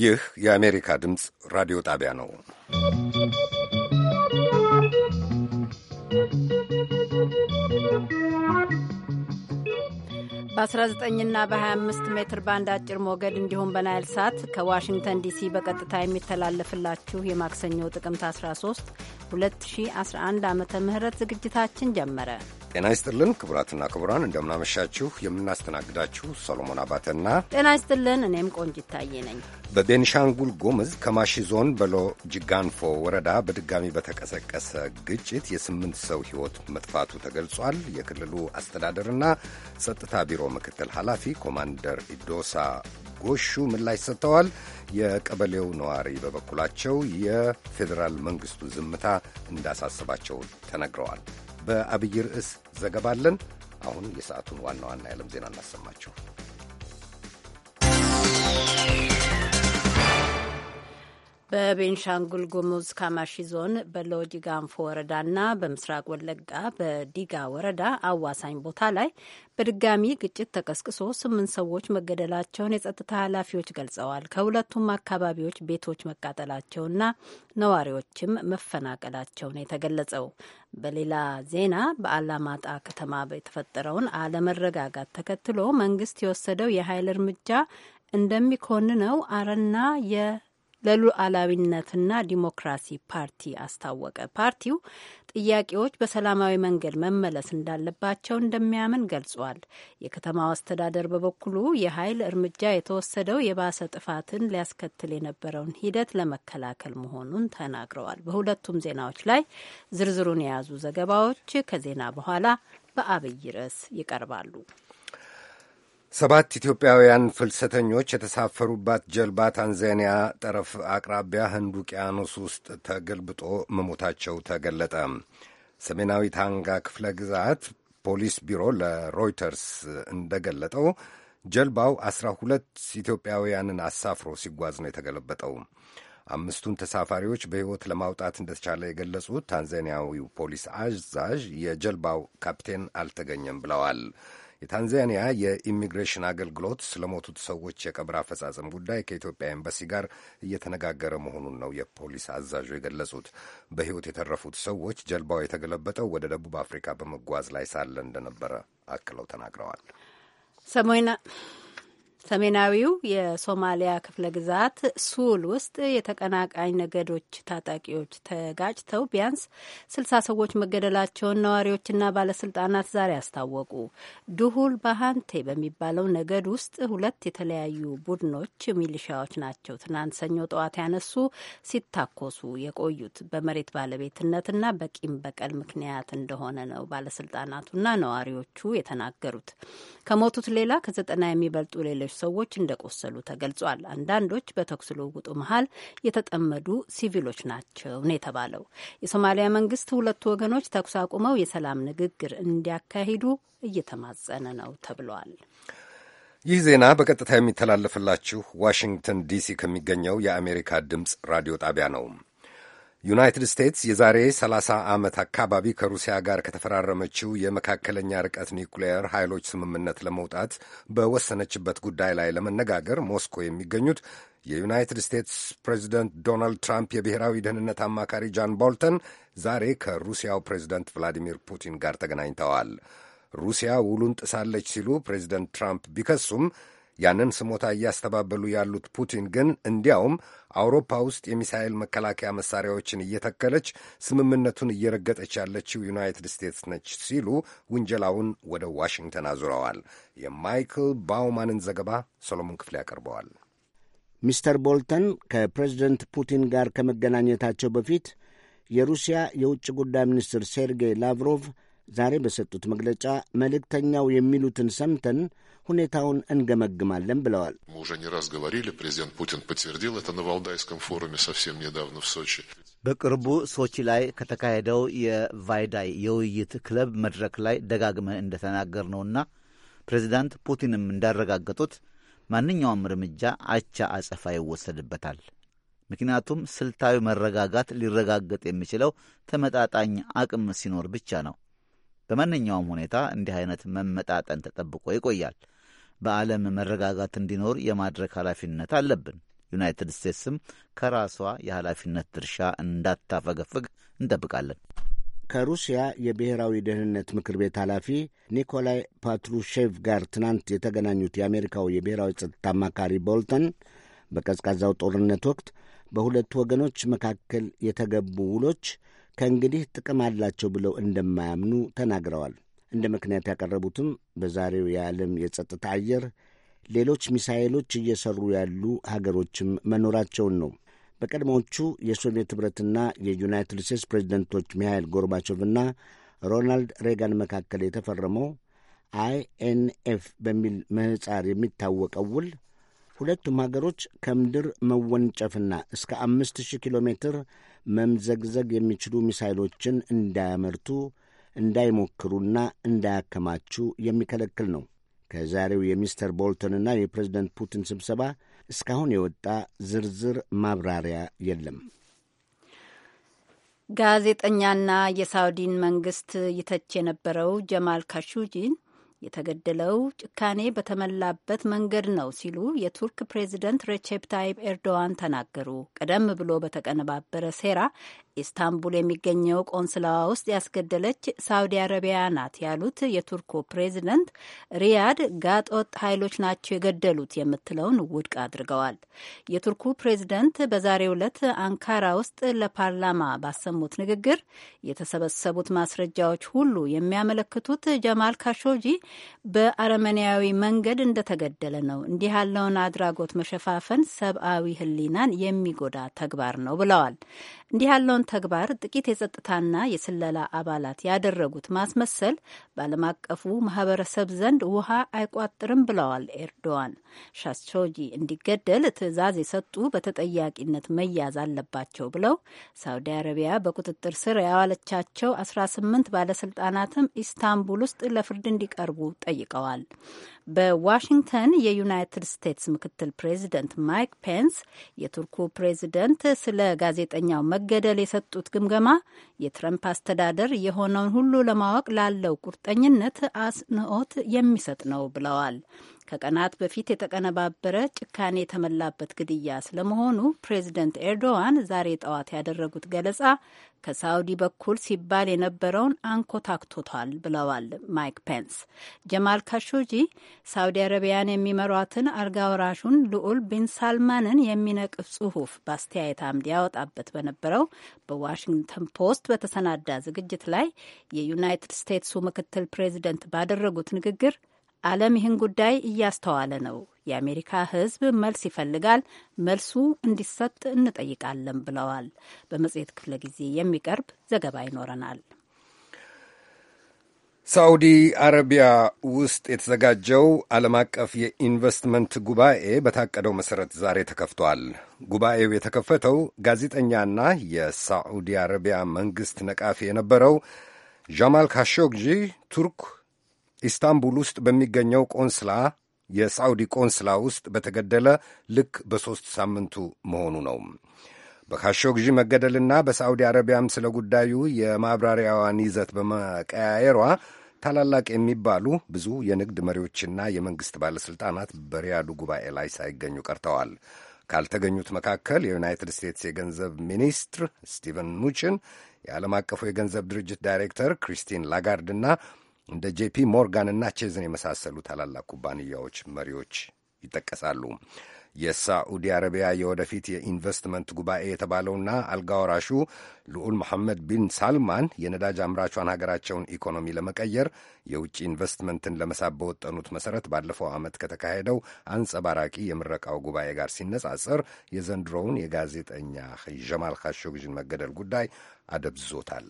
ይህ የአሜሪካ ድምፅ ራዲዮ ጣቢያ ነው። በ19ና በ25 ሜትር ባንድ አጭር ሞገድ እንዲሁም በናይል ሳት ከዋሽንግተን ዲሲ በቀጥታ የሚተላለፍላችሁ የማክሰኞ ጥቅምት 13 2011 ዓ ም ዝግጅታችን ጀመረ። ጤና ይስጥልን ክቡራትና ክቡራን፣ እንደምናመሻችሁ። የምናስተናግዳችሁ ሰሎሞን አባተና ጤና ይስጥልን፣ እኔም ቆንጅ ይታየ ነኝ። በቤንሻንጉል ጉሙዝ ከማሺ ዞን በሎ ጅጋንፎ ወረዳ በድጋሚ በተቀሰቀሰ ግጭት የስምንት ሰው ሕይወት መጥፋቱ ተገልጿል። የክልሉ አስተዳደርና ጸጥታ ቢሮ ምክትል ኃላፊ ኮማንደር ኢዶሳ ጎሹ ምላሽ ሰጥተዋል። የቀበሌው ነዋሪ በበኩላቸው የፌዴራል መንግስቱ ዝምታ እንዳሳስባቸው ተነግረዋል። በአብይ ርዕስ ዘገባለን። አሁን የሰዓቱን ዋና ዋና የዓለም ዜና እናሰማቸው። በቤንሻንጉል ጉሙዝ ካማሺ ዞን በሎጂጋንፎ ወረዳና በምስራቅ ወለጋ በዲጋ ወረዳ አዋሳኝ ቦታ ላይ በድጋሚ ግጭት ተቀስቅሶ ስምንት ሰዎች መገደላቸውን የጸጥታ ኃላፊዎች ገልጸዋል። ከሁለቱም አካባቢዎች ቤቶች መቃጠላቸውና ነዋሪዎችም መፈናቀላቸው ነው የተገለጸው። በሌላ ዜና በአላማጣ ከተማ የተፈጠረውን አለመረጋጋት ተከትሎ መንግስት የወሰደው የኃይል እርምጃ እንደሚኮንነው አረና ለሉዓላዊነትና ዲሞክራሲ ፓርቲ አስታወቀ። ፓርቲው ጥያቄዎች በሰላማዊ መንገድ መመለስ እንዳለባቸው እንደሚያምን ገልጿል። የከተማው አስተዳደር በበኩሉ የኃይል እርምጃ የተወሰደው የባሰ ጥፋትን ሊያስከትል የነበረውን ሂደት ለመከላከል መሆኑን ተናግረዋል። በሁለቱም ዜናዎች ላይ ዝርዝሩን የያዙ ዘገባዎች ከዜና በኋላ በአብይ ርዕስ ይቀርባሉ። ሰባት ኢትዮጵያውያን ፍልሰተኞች የተሳፈሩባት ጀልባ ታንዛኒያ ጠረፍ አቅራቢያ ህንድ ውቅያኖስ ውስጥ ተገልብጦ መሞታቸው ተገለጠ። ሰሜናዊ ታንጋ ክፍለ ግዛት ፖሊስ ቢሮ ለሮይተርስ እንደገለጠው ጀልባው አስራ ሁለት ኢትዮጵያውያንን አሳፍሮ ሲጓዝ ነው የተገለበጠው። አምስቱን ተሳፋሪዎች በሕይወት ለማውጣት እንደተቻለ የገለጹት ታንዛኒያዊው ፖሊስ አዛዥ የጀልባው ካፕቴን አልተገኘም ብለዋል። የታንዛኒያ የኢሚግሬሽን አገልግሎት ስለሞቱት ሰዎች የቀብር አፈጻጸም ጉዳይ ከኢትዮጵያ ኤምባሲ ጋር እየተነጋገረ መሆኑን ነው የፖሊስ አዛዡ የገለጹት። በሕይወት የተረፉት ሰዎች ጀልባው የተገለበጠው ወደ ደቡብ አፍሪካ በመጓዝ ላይ ሳለ እንደነበረ አክለው ተናግረዋል። ሰሜናዊው የሶማሊያ ክፍለ ግዛት ሱል ውስጥ የተቀናቃኝ ነገዶች ታጣቂዎች ተጋጭተው ቢያንስ ስልሳ ሰዎች መገደላቸውን ነዋሪዎችና ባለስልጣናት ዛሬ አስታወቁ። ድሁል ባሃንቴ በሚባለው ነገድ ውስጥ ሁለት የተለያዩ ቡድኖች ሚሊሻዎች ናቸው ትናንት ሰኞ ጠዋት ያነሱ ሲታኮሱ የቆዩት በመሬት ባለቤትነትና በቂም በቀል ምክንያት እንደሆነ ነው ባለስልጣናቱና ነዋሪዎቹ የተናገሩት። ከሞቱት ሌላ ከዘጠና የሚበልጡ ሌሎች ሌሎች ሰዎች እንደቆሰሉ ተገልጿል። አንዳንዶች በተኩስ ልውውጡ መሀል የተጠመዱ ሲቪሎች ናቸው ነው የተባለው። የሶማሊያ መንግስት ሁለቱ ወገኖች ተኩስ አቁመው የሰላም ንግግር እንዲያካሂዱ እየተማጸነ ነው ተብሏል። ይህ ዜና በቀጥታ የሚተላለፍላችሁ ዋሽንግተን ዲሲ ከሚገኘው የአሜሪካ ድምፅ ራዲዮ ጣቢያ ነው። ዩናይትድ ስቴትስ የዛሬ 30 ዓመት አካባቢ ከሩሲያ ጋር ከተፈራረመችው የመካከለኛ ርቀት ኒውክሌየር ኃይሎች ስምምነት ለመውጣት በወሰነችበት ጉዳይ ላይ ለመነጋገር ሞስኮ የሚገኙት የዩናይትድ ስቴትስ ፕሬዚደንት ዶናልድ ትራምፕ የብሔራዊ ደህንነት አማካሪ ጃን ቦልተን ዛሬ ከሩሲያው ፕሬዚደንት ቭላዲሚር ፑቲን ጋር ተገናኝተዋል። ሩሲያ ውሉን ጥሳለች ሲሉ ፕሬዚደንት ትራምፕ ቢከሱም ያንን ስሞታ እያስተባበሉ ያሉት ፑቲን ግን እንዲያውም አውሮፓ ውስጥ የሚሳኤል መከላከያ መሳሪያዎችን እየተከለች ስምምነቱን እየረገጠች ያለችው ዩናይትድ ስቴትስ ነች ሲሉ ውንጀላውን ወደ ዋሽንግተን አዙረዋል። የማይክል ባውማንን ዘገባ ሰሎሞን ክፍሌ ያቀርበዋል። ሚስተር ቦልተን ከፕሬዚደንት ፑቲን ጋር ከመገናኘታቸው በፊት የሩሲያ የውጭ ጉዳይ ሚኒስትር ሴርጌይ ላቭሮቭ ዛሬ በሰጡት መግለጫ መልእክተኛው የሚሉትን ሰምተን ሁኔታውን እንገመግማለን ብለዋል። ፕሬዚደንት ፑቲን በቅርቡ ሶቺ ላይ ከተካሄደው የቫይዳይ የውይይት ክለብ መድረክ ላይ ደጋግመን እንደተናገር ነውና ፕሬዚዳንት ፑቲንም እንዳረጋገጡት ማንኛውም እርምጃ አቻ አጸፋ ይወሰድበታል። ምክንያቱም ስልታዊ መረጋጋት ሊረጋገጥ የሚችለው ተመጣጣኝ አቅም ሲኖር ብቻ ነው። በማንኛውም ሁኔታ እንዲህ አይነት መመጣጠን ተጠብቆ ይቆያል። በዓለም መረጋጋት እንዲኖር የማድረግ ኃላፊነት አለብን። ዩናይትድ ስቴትስም ከራሷ የኃላፊነት ድርሻ እንዳታፈገፍግ እንጠብቃለን። ከሩሲያ የብሔራዊ ደህንነት ምክር ቤት ኃላፊ ኒኮላይ ፓትሩሼቭ ጋር ትናንት የተገናኙት የአሜሪካው የብሔራዊ ጸጥታ አማካሪ ቦልተን በቀዝቃዛው ጦርነት ወቅት በሁለቱ ወገኖች መካከል የተገቡ ውሎች ከእንግዲህ ጥቅም አላቸው ብለው እንደማያምኑ ተናግረዋል። እንደ ምክንያት ያቀረቡትም በዛሬው የዓለም የጸጥታ አየር ሌሎች ሚሳኤሎች እየሰሩ ያሉ ሀገሮችም መኖራቸውን ነው። በቀድሞዎቹ የሶቪየት ኅብረትና የዩናይትድ ስቴትስ ፕሬዚደንቶች ሚሃይል ጎርባቾቭና ሮናልድ ሬጋን መካከል የተፈረመው አይኤንኤፍ በሚል ምህጻር የሚታወቀው ውል ሁለቱም ሀገሮች ከምድር መወንጨፍና እስከ አምስት ሺህ ኪሎ ሜትር መምዘግዘግ የሚችሉ ሚሳይሎችን እንዳያመርቱ እንዳይሞክሩና እንዳያከማቹ የሚከለክል ነው። ከዛሬው የሚስተር ቦልተንና የፕሬዝደንት ፑቲን ስብሰባ እስካሁን የወጣ ዝርዝር ማብራሪያ የለም። ጋዜጠኛና የሳውዲን መንግስት ይተች የነበረው ጀማል ካሹጂን የተገደለው ጭካኔ በተሞላበት መንገድ ነው ሲሉ የቱርክ ፕሬዚደንት ሬቼፕ ታይፕ ኤርዶዋን ተናገሩ። ቀደም ብሎ በተቀነባበረ ሴራ ኢስታንቡል የሚገኘው ቆንስላዋ ውስጥ ያስገደለች ሳውዲ አረቢያ ናት ያሉት የቱርኩ ፕሬዚደንት ሪያድ ጋጦጥ ኃይሎች ናቸው የገደሉት የምትለውን ውድቅ አድርገዋል። የቱርኩ ፕሬዚደንት በዛሬው ዕለት አንካራ ውስጥ ለፓርላማ ባሰሙት ንግግር የተሰበሰቡት ማስረጃዎች ሁሉ የሚያመለክቱት ጀማል ካሾጂ በአረመኔያዊ መንገድ እንደተገደለ ነው። እንዲህ ያለውን አድራጎት መሸፋፈን ሰብአዊ ሕሊናን የሚጎዳ ተግባር ነው ብለዋል። እንዲህ ያለውን ተግባር ጥቂት የጸጥታና የስለላ አባላት ያደረጉት ማስመሰል በዓለም አቀፉ ማህበረሰብ ዘንድ ውሃ አይቋጥርም ብለዋል ኤርዶዋን። ሻስቾጂ እንዲገደል ትዕዛዝ የሰጡ በተጠያቂነት መያዝ አለባቸው ብለው ሳውዲ አረቢያ በቁጥጥር ስር ያዋለቻቸው 18 ባለስልጣናትም ኢስታንቡል ውስጥ ለፍርድ እንዲቀርቡ ጠይቀዋል። በዋሽንግተን የዩናይትድ ስቴትስ ምክትል ፕሬዚደንት ማይክ ፔንስ የቱርኩ ፕሬዚደንት ስለ ጋዜጠኛው መገደል የሰጡት ግምገማ የትረምፕ አስተዳደር የሆነውን ሁሉ ለማወቅ ላለው ቁርጠኝነት አጽንኦት የሚሰጥ ነው ብለዋል። ከቀናት በፊት የተቀነባበረ ጭካኔ የተመላበት ግድያ ስለመሆኑ ፕሬዚደንት ኤርዶዋን ዛሬ ጠዋት ያደረጉት ገለጻ ከሳውዲ በኩል ሲባል የነበረውን አንኮታክቶታል ብለዋል ማይክ ፔንስ። ጀማል ካሾጂ ሳውዲ አረቢያን የሚመሯትን አልጋ ወራሹን ልዑል ቢን ሳልማንን የሚነቅፍ ጽሁፍ በአስተያየት አምድ ያወጣበት በነበረው በዋሽንግተን ፖስት በተሰናዳ ዝግጅት ላይ የዩናይትድ ስቴትሱ ምክትል ፕሬዚደንት ባደረጉት ንግግር ዓለም ይህን ጉዳይ እያስተዋለ ነው። የአሜሪካ ሕዝብ መልስ ይፈልጋል። መልሱ እንዲሰጥ እንጠይቃለን ብለዋል። በመጽሔት ክፍለ ጊዜ የሚቀርብ ዘገባ ይኖረናል። ሳዑዲ አረቢያ ውስጥ የተዘጋጀው ዓለም አቀፍ የኢንቨስትመንት ጉባኤ በታቀደው መሠረት ዛሬ ተከፍቷል። ጉባኤው የተከፈተው ጋዜጠኛና የሳዑዲ አረቢያ መንግሥት ነቃፊ የነበረው ጃማል ካሾግጂ ቱርክ ኢስታንቡል ውስጥ በሚገኘው ቆንስላ የሳዑዲ ቆንስላ ውስጥ በተገደለ ልክ በሦስት ሳምንቱ መሆኑ ነው። በካሾግዢ መገደልና በሳዑዲ አረቢያም ስለ ጉዳዩ የማብራሪያዋን ይዘት በመቀያየሯ ታላላቅ የሚባሉ ብዙ የንግድ መሪዎችና የመንግሥት ባለሥልጣናት በሪያዱ ጉባኤ ላይ ሳይገኙ ቀርተዋል። ካልተገኙት መካከል የዩናይትድ ስቴትስ የገንዘብ ሚኒስትር ስቲቨን ኑችን የዓለም አቀፉ የገንዘብ ድርጅት ዳይሬክተር ክሪስቲን ላጋርድና እንደ ጄፒ ሞርጋንና ቼዝን የመሳሰሉ ታላላቅ ኩባንያዎች መሪዎች ይጠቀሳሉ። የሳዑዲ አረቢያ የወደፊት የኢንቨስትመንት ጉባኤ የተባለውና አልጋ ወራሹ ልዑል መሐመድ ቢን ሳልማን የነዳጅ አምራቿን ሀገራቸውን ኢኮኖሚ ለመቀየር የውጭ ኢንቨስትመንትን ለመሳብ በወጠኑት መሰረት ባለፈው ዓመት ከተካሄደው አንጸባራቂ የምረቃው ጉባኤ ጋር ሲነጻጸር የዘንድሮውን የጋዜጠኛ ጀማል ካሾግዥን መገደል ጉዳይ አደብዝዞታል።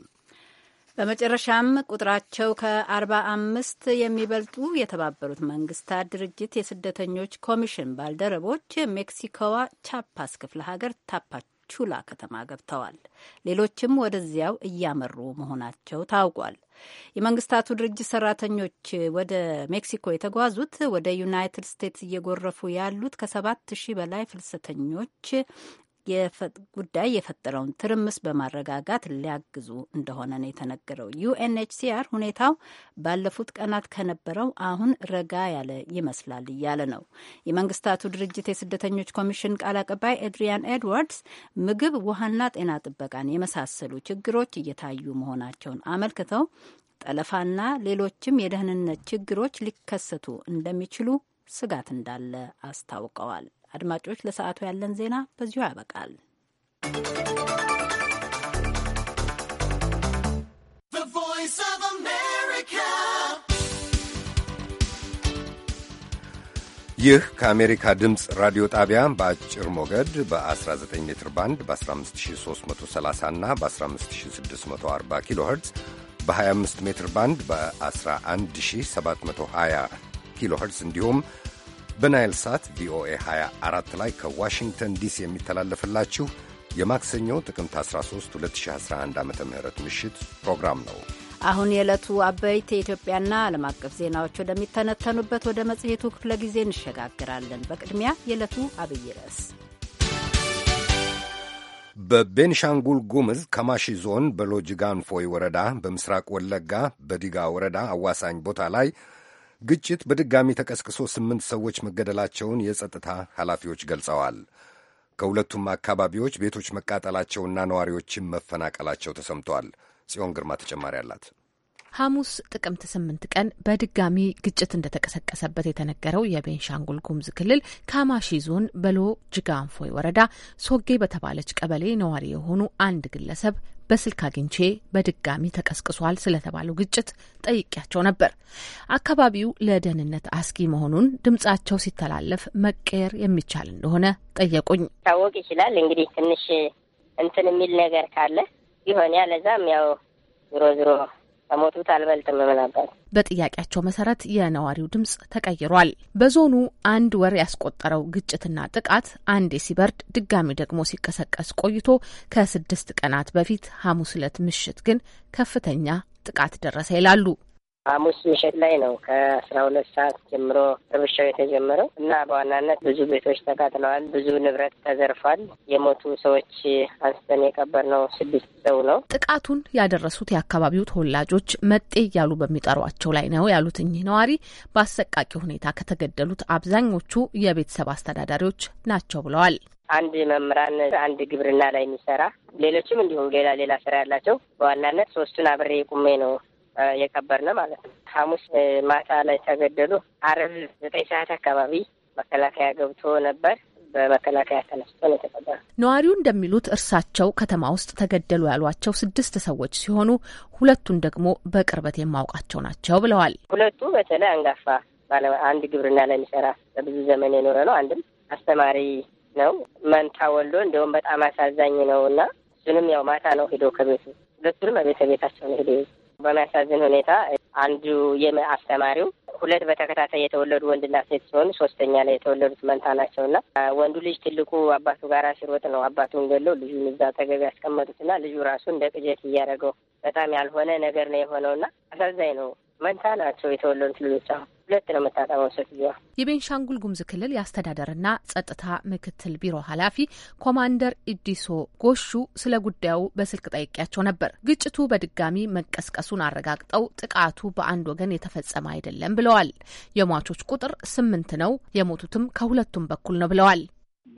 በመጨረሻም ቁጥራቸው ከ45 የሚበልጡ የተባበሩት መንግስታት ድርጅት የስደተኞች ኮሚሽን ባልደረቦች ሜክሲኮዋ ቻፓስ ክፍለ ሀገር ታፓቹላ ከተማ ገብተዋል። ሌሎችም ወደዚያው እያመሩ መሆናቸው ታውቋል። የመንግስታቱ ድርጅት ሰራተኞች ወደ ሜክሲኮ የተጓዙት ወደ ዩናይትድ ስቴትስ እየጎረፉ ያሉት ከሰባት ሺህ በላይ ፍልሰተኞች ጉዳይ የፈጠረውን ትርምስ በማረጋጋት ሊያግዙ እንደሆነ ነው የተነገረው። ዩኤንኤችሲአር ሁኔታው ባለፉት ቀናት ከነበረው አሁን ረጋ ያለ ይመስላል እያለ ነው። የመንግስታቱ ድርጅት የስደተኞች ኮሚሽን ቃል አቀባይ ኤድሪያን ኤድዋርድስ ምግብ፣ ውሃና ጤና ጥበቃን የመሳሰሉ ችግሮች እየታዩ መሆናቸውን አመልክተው ጠለፋና ሌሎችም የደህንነት ችግሮች ሊከሰቱ እንደሚችሉ ስጋት እንዳለ አስታውቀዋል። አድማጮች፣ ለሰዓቱ ያለን ዜና በዚሁ ያበቃል። ይህ ከአሜሪካ ድምፅ ራዲዮ ጣቢያ በአጭር ሞገድ በ19 ሜትር ባንድ በ15330 እና በ15640 ኪሎ ኸርትዝ በ25 ሜትር ባንድ በ11720 ኪሎ ኸርትዝ እንዲሁም በናይል ሳት ቪኦኤ 24 ላይ ከዋሽንግተን ዲሲ የሚተላለፍላችሁ የማክሰኞ ጥቅምት 13 2011 ዓ ም ምሽት ፕሮግራም ነው። አሁን የዕለቱ አበይት የኢትዮጵያና ዓለም አቀፍ ዜናዎች ወደሚተነተኑበት ወደ መጽሔቱ ክፍለ ጊዜ እንሸጋግራለን። በቅድሚያ የዕለቱ አብይ ርዕስ በቤንሻንጉል ጉምዝ ከማሺ ዞን በሎጂጋንፎይ ወረዳ፣ በምስራቅ ወለጋ በዲጋ ወረዳ አዋሳኝ ቦታ ላይ ግጭት በድጋሚ ተቀስቅሶ ስምንት ሰዎች መገደላቸውን የጸጥታ ኃላፊዎች ገልጸዋል። ከሁለቱም አካባቢዎች ቤቶች መቃጠላቸውና ነዋሪዎችም መፈናቀላቸው ተሰምተዋል። ጽዮን ግርማ ተጨማሪ አላት። ሐሙስ ጥቅምት ስምንት ቀን በድጋሚ ግጭት እንደተቀሰቀሰበት የተነገረው የቤንሻንጉል ጉሙዝ ክልል ካማሺ ዞን በሎ ጅጋንፎይ ወረዳ ሶጌ በተባለች ቀበሌ ነዋሪ የሆኑ አንድ ግለሰብ በስልክ አግኝቼ በድጋሚ ተቀስቅሷል ስለተባለው ግጭት ጠይቄያቸው ነበር። አካባቢው ለደህንነት አስጊ መሆኑን ድምጻቸው ሲተላለፍ መቀየር የሚቻል እንደሆነ ጠየቁኝ። ታወቅ ይችላል እንግዲህ ትንሽ እንትን የሚል ነገር ካለ ይሆን ያለዛም ያው ዝሮ ዝሮ ከሞቱት አልበልጥም ምናባት በጥያቄያቸው መሰረት የነዋሪው ድምጽ ተቀይሯል። በዞኑ አንድ ወር ያስቆጠረው ግጭትና ጥቃት አንዴ ሲበርድ ድጋሚ ደግሞ ሲቀሰቀስ ቆይቶ ከስድስት ቀናት በፊት ሐሙስ ዕለት ምሽት ግን ከፍተኛ ጥቃት ደረሰ ይላሉ ሐሙስ ምሽት ላይ ነው ከአስራ ሁለት ሰዓት ጀምሮ ርብሻው የተጀመረው እና በዋናነት ብዙ ቤቶች ተቃጥለዋል፣ ብዙ ንብረት ተዘርፏል። የሞቱ ሰዎች አንስተን የቀበርነው ስድስት ሰው ነው። ጥቃቱን ያደረሱት የአካባቢው ተወላጆች መጤ እያሉ በሚጠሯቸው ላይ ነው ያሉት እኚህ ነዋሪ በአሰቃቂ ሁኔታ ከተገደሉት አብዛኞቹ የቤተሰብ አስተዳዳሪዎች ናቸው ብለዋል። አንድ መምህራን፣ አንድ ግብርና ላይ የሚሰራ ሌሎችም እንዲሁም ሌላ ሌላ ስራ ያላቸው በዋናነት ሶስቱን አብሬ ቁሜ ነው የቀበርን ማለት ነው። ሐሙስ ማታ ላይ ተገደሉ። አርብ ዘጠኝ ሰዓት አካባቢ መከላከያ ገብቶ ነበር። በመከላከያ ተነስቶ ነው የተቀበረ። ነዋሪው እንደሚሉት እርሳቸው ከተማ ውስጥ ተገደሉ ያሏቸው ስድስት ሰዎች ሲሆኑ ሁለቱን ደግሞ በቅርበት የማውቃቸው ናቸው ብለዋል። ሁለቱ በተለይ አንጋፋ አንድ ግብርና ላይ የሚሰራ በብዙ ዘመን የኖረ ነው። አንድም አስተማሪ ነው። መንታ ወልዶ እንዲሁም በጣም አሳዛኝ ነው እና እሱንም ያው ማታ ነው ሄዶ ከቤቱ ሁለቱንም በቤተ ቤታቸው ነው ሄዶ በሚያሳዝን ሁኔታ አንዱ የአስተማሪው ሁለት በተከታታይ የተወለዱ ወንድና ሴት ሲሆን ሶስተኛ ላይ የተወለዱት መንታ ናቸውና ወንዱ ልጅ ትልቁ አባቱ ጋር ሲሮጥ ነው አባቱን ገለው ልጁን እዛ ያስቀመጡት ያስቀመጡትና ልጁ ራሱ እንደ ቅጀት እያደረገው በጣም ያልሆነ ነገር ነው የሆነውና አሳዛኝ ነው። መንታ ናቸው የተወለዱት ልጆች። አሁን ሁለት ነው የምታጠበው ሴትዮዋ። የቤንሻንጉል ጉሙዝ ክልል የአስተዳደርና ጸጥታ ምክትል ቢሮ ኃላፊ ኮማንደር ኢዲሶ ጎሹ ስለ ጉዳዩ በስልክ ጠይቄያቸው ነበር። ግጭቱ በድጋሚ መቀስቀሱን አረጋግጠው ጥቃቱ በአንድ ወገን የተፈጸመ አይደለም ብለዋል። የሟቾች ቁጥር ስምንት ነው፣ የሞቱትም ከሁለቱም በኩል ነው ብለዋል።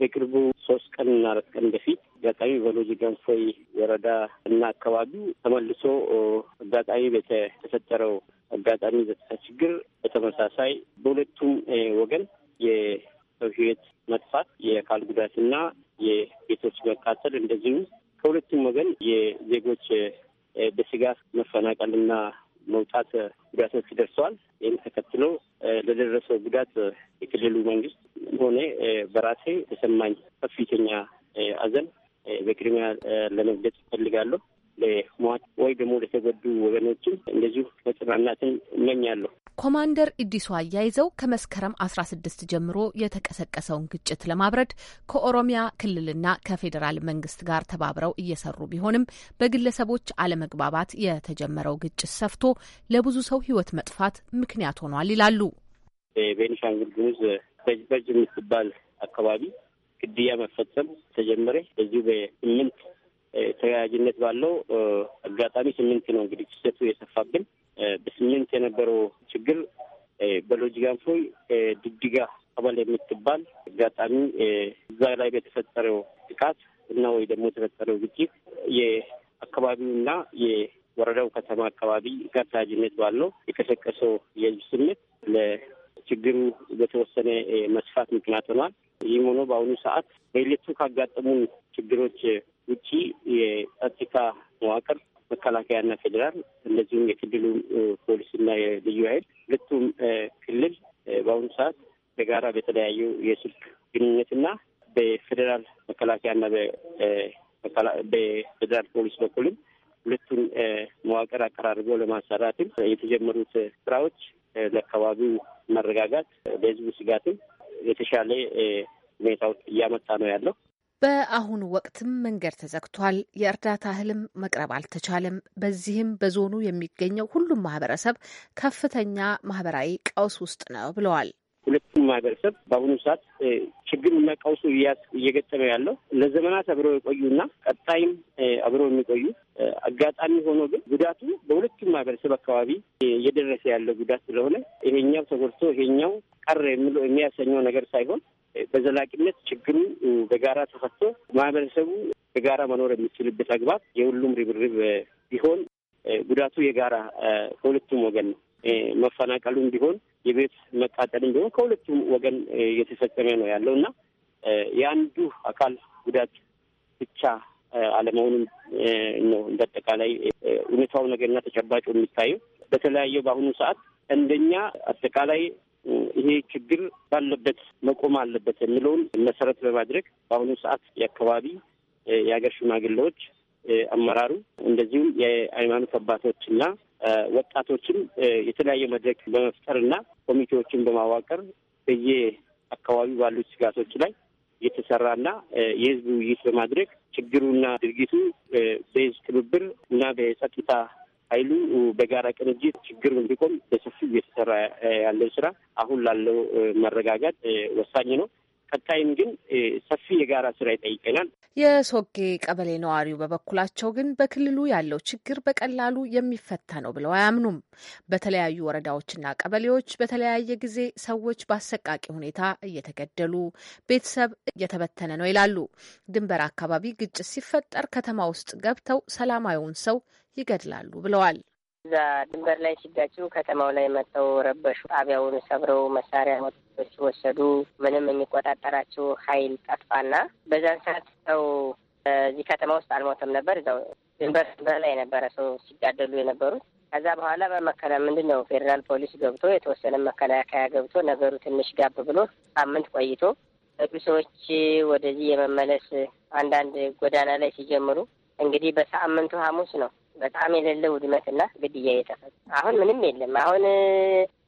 በቅርቡ ሶስት ቀንና አራት ቀን በፊት አጋጣሚ በሎጂ ገንፎይ ወረዳ እና አካባቢው ተመልሶ አጋጣሚ በተፈጠረው አጋጣሚ ዘጥታ ችግር በተመሳሳይ በሁለቱም ወገን የሰው ህይወት መጥፋት፣ የአካል ጉዳትና የቤቶች መቃጠል እንደዚሁም ከሁለቱም ወገን የዜጎች በስጋት መፈናቀልና መውጣት ጉዳቶች ደርሰዋል። ይህም ተከትሎ ለደረሰው ጉዳት የክልሉ መንግስት ሆነ በራሴ ተሰማኝ ከፍተኛ አዘን በቅድሚያ ለመግለጽ እፈልጋለሁ። ለሟች ወይ ደግሞ ለተጎዱ ወገኖችም እንደዚሁ መጽናናትን እመኛለሁ። ኮማንደር ኢዲሱ አያይዘው ከመስከረም አስራ ስድስት ጀምሮ የተቀሰቀሰውን ግጭት ለማብረድ ከኦሮሚያ ክልልና ከፌዴራል መንግስት ጋር ተባብረው እየሰሩ ቢሆንም በግለሰቦች አለመግባባት የተጀመረው ግጭት ሰፍቶ ለብዙ ሰው ሕይወት መጥፋት ምክንያት ሆኗል ይላሉ። በቤኒሻንጉል ጉሙዝ በጅበጅ የምትባል አካባቢ ግድያ መፈጸም ተጀመረ። በዚሁ በስምንት ተያያዥነት ባለው አጋጣሚ ስምንት ነው እንግዲህ ክስተቱ የሰፋብን። በስምንት የነበረው ችግር በሎጂጋንፎ ድድጋ አባል የምትባል አጋጣሚ እዛ ላይ በተፈጠረው ጥቃት እና ወይ ደግሞ የተፈጠረው ግጭት የአካባቢውና የወረዳው ከተማ አካባቢ ጋር ተያያዥነት ባለው የቀሰቀሰው የህዝብ ስሜት ችግሩ በተወሰነ መስፋት ምክንያት ሆኗል። ይህም ሆኖ በአሁኑ ሰዓት በሌቱ ካጋጠሙን ችግሮች ውጪ የጸጥታ መዋቅር መከላከያና ፌዴራል እንደዚሁም የክልሉ ፖሊስና የልዩ ኃይል ሁለቱም ክልል በአሁኑ ሰዓት በጋራ በተለያዩ የስልክ ግንኙነትና በፌዴራል መከላከያና በፌዴራል ፖሊስ በኩልም ሁለቱን መዋቅር አቀራርቦ ለማሰራትም የተጀመሩት ስራዎች ለአካባቢው መረጋጋት፣ ለህዝቡ ስጋትም የተሻለ ሁኔታዎች እያመጣ ነው ያለው። በአሁኑ ወቅትም መንገድ ተዘግቷል። የእርዳታ እህልም መቅረብ አልተቻለም። በዚህም በዞኑ የሚገኘው ሁሉም ማህበረሰብ ከፍተኛ ማህበራዊ ቀውስ ውስጥ ነው ብለዋል ሁለቱም ማህበረሰብ በአሁኑ ሰዓት ችግሩና ቀውሱ እየገጠመ ያለው ለዘመናት አብረው የቆዩና ቀጣይም አብረው የሚቆዩ አጋጣሚ ሆኖ ግን ጉዳቱ በሁለቱም ማህበረሰብ አካባቢ እየደረሰ ያለው ጉዳት ስለሆነ ይሄኛው ተጎድቶ ይሄኛው ቀር የሚለው የሚያሰኘው ነገር ሳይሆን በዘላቂነት ችግሩ በጋራ ተፈቶ ማህበረሰቡ በጋራ መኖር የሚችልበት አግባብ የሁሉም ርብርብ ቢሆን ጉዳቱ የጋራ ከሁለቱም ወገን ነው። መፈናቀሉም ቢሆን የቤት መቃጠልም ቢሆን ከሁለቱም ወገን እየተፈጸመ ነው ያለው እና የአንዱ አካል ጉዳት ብቻ አለመሆኑን ነው እንደ አጠቃላይ እውነታው ነገርና ተጨባጭ የሚታየው በተለያየው በአሁኑ ሰዓት እንደኛ አጠቃላይ ይሄ ችግር ባለበት መቆም አለበት የሚለውን መሰረት በማድረግ በአሁኑ ሰዓት የአካባቢ የሀገር ሽማግሌዎች፣ አመራሩ እንደዚሁም የሃይማኖት አባቶች እና ወጣቶችን የተለያየ መድረክ በመፍጠርና ኮሚቴዎችን በማዋቀር በየ አካባቢ ባሉት ስጋቶች ላይ የተሰራና የህዝብ ውይይት በማድረግ ችግሩና ድርጊቱ በህዝብ ትብብር እና በጸጥታ ኃይሉ በጋራ ቅንጅት ችግር እንዲቆም በሰፊው እየተሰራ ያለው ስራ አሁን ላለው መረጋጋት ወሳኝ ነው። ቀጣይም ግን ሰፊ የጋራ ስራ ይጠይቀናል። የሶጌ ቀበሌ ነዋሪው በበኩላቸው ግን በክልሉ ያለው ችግር በቀላሉ የሚፈታ ነው ብለው አያምኑም። በተለያዩ ወረዳዎችና ቀበሌዎች በተለያየ ጊዜ ሰዎች በአሰቃቂ ሁኔታ እየተገደሉ ቤተሰብ እየተበተነ ነው ይላሉ። ድንበር አካባቢ ግጭት ሲፈጠር ከተማ ውስጥ ገብተው ሰላማዊውን ሰው ይገድላሉ ብለዋል። እዛ ድንበር ላይ ሲጋጩ ከተማው ላይ መጥተው ረበሹ። ጣቢያውን ሰብረው መሳሪያ ወቶች ወሰዱ። ምንም የሚቆጣጠራቸው ኃይል ጠፋና በዛን ሰዓት ሰው እዚህ ከተማ ውስጥ አልሞተም ነበር። እዛው ድንበር ድንበር ላይ ነበረ ሰው ሲጋደሉ የነበሩት። ከዛ በኋላ በመከላ ምንድን ነው ፌዴራል ፖሊስ ገብቶ የተወሰነ መከላከያ ገብቶ ነገሩ ትንሽ ጋብ ብሎ ሳምንት ቆይቶ ሰዎች ወደዚህ የመመለስ አንዳንድ ጎዳና ላይ ሲጀምሩ እንግዲህ በሳምንቱ ሐሙስ ነው በጣም የሌለ ውድመትና ግድያ የጠፈት አሁን ምንም የለም። አሁን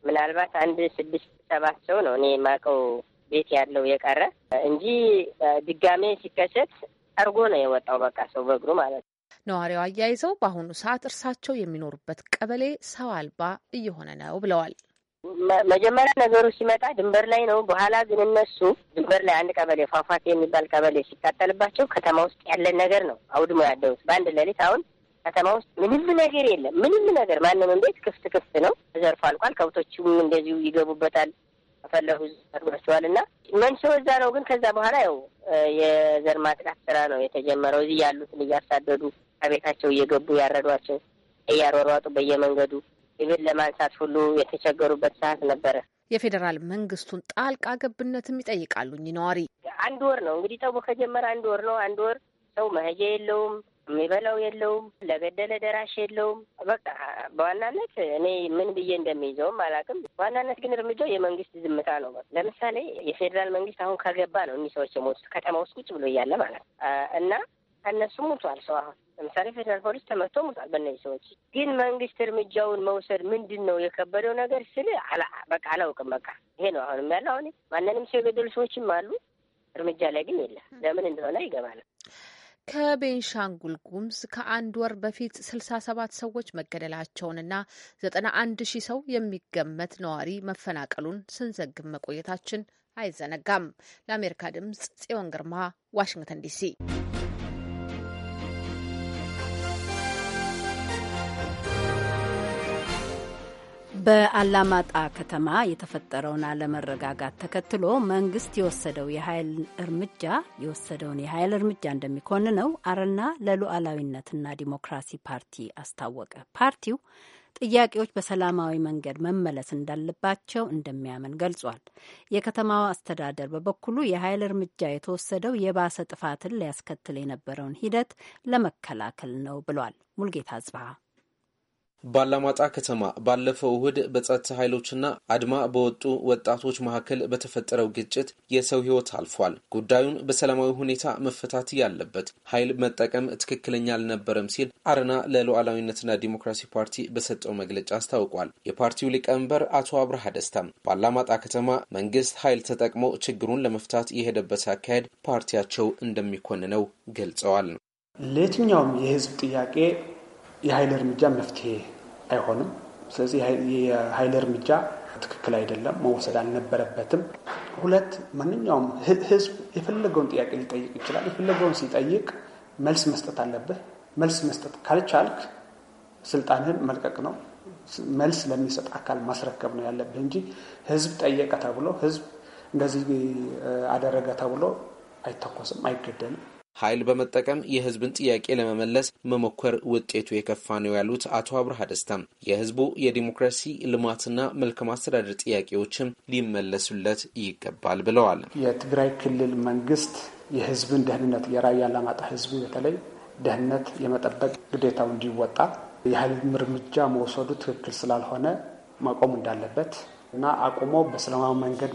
ምናልባት አንድ ስድስት ሰባት ሰው ነው እኔ የማውቀው ቤት ያለው የቀረ እንጂ ድጋሜ ሲከሰት ጠርጎ ነው የወጣው። በቃ ሰው በእግሩ ማለት ነው። ነዋሪው አያይዘው በአሁኑ ሰዓት እርሳቸው የሚኖሩበት ቀበሌ ሰው አልባ እየሆነ ነው ብለዋል። መጀመሪያ ነገሩ ሲመጣ ድንበር ላይ ነው። በኋላ ግን እነሱ ድንበር ላይ አንድ ቀበሌ ፏፏቴ የሚባል ቀበሌ ሲቃጠልባቸው ከተማ ውስጥ ያለን ነገር ነው አውድሞ ያደሩት በአንድ ሌሊት። አሁን ከተማ ውስጥ ምንም ነገር የለም። ምንም ነገር ማንም ቤት ክፍት ክፍት ነው፣ ተዘርፎ አልቋል። ከብቶችም እንደዚሁ ይገቡበታል ፈለጉ አድጓቸዋል እና መንስኤው እዛ ነው። ግን ከዛ በኋላ ያው የዘር ማጥቃት ስራ ነው የተጀመረው። እዚህ ያሉትን እያሳደዱ ከቤታቸው እየገቡ ያረዷቸው እያሯሯጡ በየመንገዱ ይብን ለማንሳት ሁሉ የተቸገሩበት ሰዓት ነበረ። የፌዴራል መንግስቱን ጣልቃ ገብነትም ይጠይቃሉ እኚህ ነዋሪ። አንድ ወር ነው እንግዲህ ጠቡ ከጀመረ አንድ ወር ነው። አንድ ወር ሰው መሄጃ የለውም የሚበላው የለውም፣ ለገደለ ደራሽ የለውም። በቃ በዋናነት እኔ ምን ብዬ እንደሚይዘውም አላውቅም። በዋናነት ግን እርምጃው የመንግስት ዝምታ ነው። ለምሳሌ የፌዴራል መንግስት አሁን ከገባ ነው እኒህ ሰዎች የሞቱት ከተማ ውስጥ ቁጭ ብሎ እያለ ማለት ነው እና ከእነሱ ሙቷል ሰው አሁን ለምሳሌ ፌዴራል ፖሊስ ተመቶ ሙቷል በእነዚህ ሰዎች። ግን መንግስት እርምጃውን መውሰድ ምንድን ነው የከበደው ነገር ስል በቃ አላውቅም። በቃ ይሄ ነው አሁንም ያለው። አሁን ማንንም ሰው የገደሉ ሰዎችም አሉ፣ እርምጃ ላይ ግን የለም። ለምን እንደሆነ ይገባል። ከቤንሻንጉል ጉምዝ ከአንድ ወር በፊት 67 ሰዎች መገደላቸውንና 91 ሺህ ሰው የሚገመት ነዋሪ መፈናቀሉን ስንዘግብ መቆየታችን አይዘነጋም። ለአሜሪካ ድምጽ ጽዮን ግርማ ዋሽንግተን ዲሲ በአላማጣ ከተማ የተፈጠረውን አለመረጋጋት ተከትሎ መንግስት የወሰደው የኃይል እርምጃ የወሰደውን የኃይል እርምጃ እንደሚኮንነው አረና ለሉዓላዊነትና ዲሞክራሲ ፓርቲ አስታወቀ። ፓርቲው ጥያቄዎች በሰላማዊ መንገድ መመለስ እንዳለባቸው እንደሚያምን ገልጿል። የከተማው አስተዳደር በበኩሉ የኃይል እርምጃ የተወሰደው የባሰ ጥፋትን ሊያስከትል የነበረውን ሂደት ለመከላከል ነው ብሏል። ሙልጌታ አጽብሃ ባላማጣ ከተማ ባለፈው እሁድ በጸጥታ ኃይሎችና አድማ በወጡ ወጣቶች መካከል በተፈጠረው ግጭት የሰው ሕይወት አልፏል። ጉዳዩን በሰላማዊ ሁኔታ መፈታት ያለበት ኃይል መጠቀም ትክክለኛ አልነበረም ሲል አረና ለሉዓላዊነትና ዲሞክራሲ ፓርቲ በሰጠው መግለጫ አስታውቋል። የፓርቲው ሊቀመንበር አቶ አብርሃ ደስታም ባላማጣ ከተማ መንግስት ኃይል ተጠቅሞ ችግሩን ለመፍታት የሄደበት አካሄድ ፓርቲያቸው እንደሚኮንነው ገልጸዋል። ለየትኛውም የህዝብ ጥያቄ የኃይል እርምጃ መፍትሄ አይሆንም። ስለዚህ የኃይል እርምጃ ትክክል አይደለም፣ መወሰድ አልነበረበትም። ሁለት ማንኛውም ህዝብ የፈለገውን ጥያቄ ሊጠይቅ ይችላል። የፈለገውን ሲጠይቅ መልስ መስጠት አለብህ። መልስ መስጠት ካልቻልክ ስልጣንህን መልቀቅ ነው፣ መልስ ለሚሰጥ አካል ማስረከብ ነው ያለብህ እንጂ ህዝብ ጠየቀ ተብሎ ህዝብ እንደዚህ አደረገ ተብሎ አይተኮስም፣ አይገደልም። ኃይል በመጠቀም የህዝብን ጥያቄ ለመመለስ መሞከር ውጤቱ የከፋ ነው ያሉት አቶ አብርሃ ደስታም የህዝቡ የዲሞክራሲ ልማትና መልካም አስተዳደር ጥያቄዎችም ሊመለሱለት ይገባል ብለዋል። የትግራይ ክልል መንግስት የህዝብን ደህንነት የራያ ላማጣ ህዝብ በተለይ ደህንነት የመጠበቅ ግዴታው እንዲወጣ የኃይል እርምጃ መውሰዱ ትክክል ስላልሆነ መቆም እንዳለበት እና አቁሞ በሰላማዊ መንገድ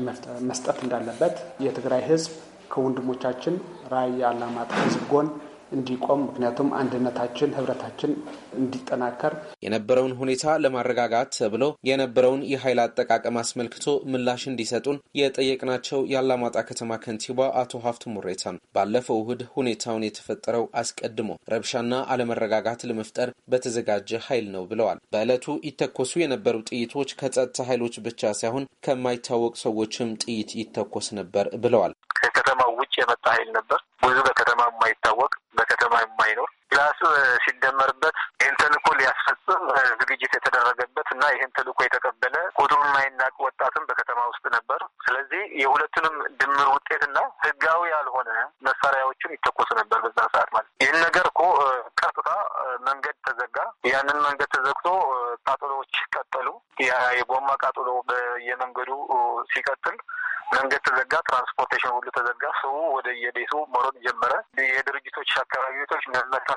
መስጠት እንዳለበት የትግራይ ህዝብ ከወንድሞቻችን ራዕይ አላማጣ ህዝብ ጎን እንዲቆም ምክንያቱም አንድነታችን ህብረታችን እንዲጠናከር የነበረውን ሁኔታ ለማረጋጋት ተብሎ የነበረውን የኃይል አጠቃቀም አስመልክቶ ምላሽ እንዲሰጡን የጠየቅናቸው የአላማጣ ከተማ ከንቲባ አቶ ሀፍቱ ሙሬታ ባለፈው እሁድ ሁኔታውን የተፈጠረው አስቀድሞ ረብሻና አለመረጋጋት ለመፍጠር በተዘጋጀ ኃይል ነው ብለዋል። በዕለቱ ይተኮሱ የነበሩ ጥይቶች ከጸጥታ ኃይሎች ብቻ ሳይሆን ከማይታወቅ ሰዎችም ጥይት ይተኮስ ነበር ብለዋል። ከከተማው ውጭ የመጣ ኃይል ነበር። ብዙ በከተማ የማይታወቅ በከተማ የማይኖር ራሱ ሲደመርበት ይህን ተልእኮ ሊያስፈጽም ዝግጅት የተደረገበት እና ይህን ተልእኮ የተቀበለ ቁጥሩ የማይናቅ ወጣትም በከተማ ውስጥ ነበር። ስለዚህ የሁለቱንም ድምር ውጤትና ህጋዊ ያልሆነ መሳሪያዎችን ይተኮስ ነበር በዛ ሰዓት ማለት ይህን ነገር እኮ ቀጥታ መንገድ ተዘጋ። ያንን መንገድ ተዘግቶ ቃጠሎዎች ቀጠሉ። የጎማ ቃጠሎ በየመንገዱ መንገድ ተዘጋ፣ ትራንስፖርቴሽን ሁሉ ተዘጋ። ሰው ወደ የቤቱ መሮጥ ጀመረ። የድርጅቶች አካባቢ ቤቶች መመታ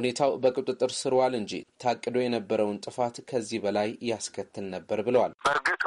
ሁኔታው በቁጥጥር ስር ዋል እንጂ ታቅዶ የነበረውን ጥፋት ከዚህ በላይ ያስከትል ነበር ብለዋል። በእርግጥ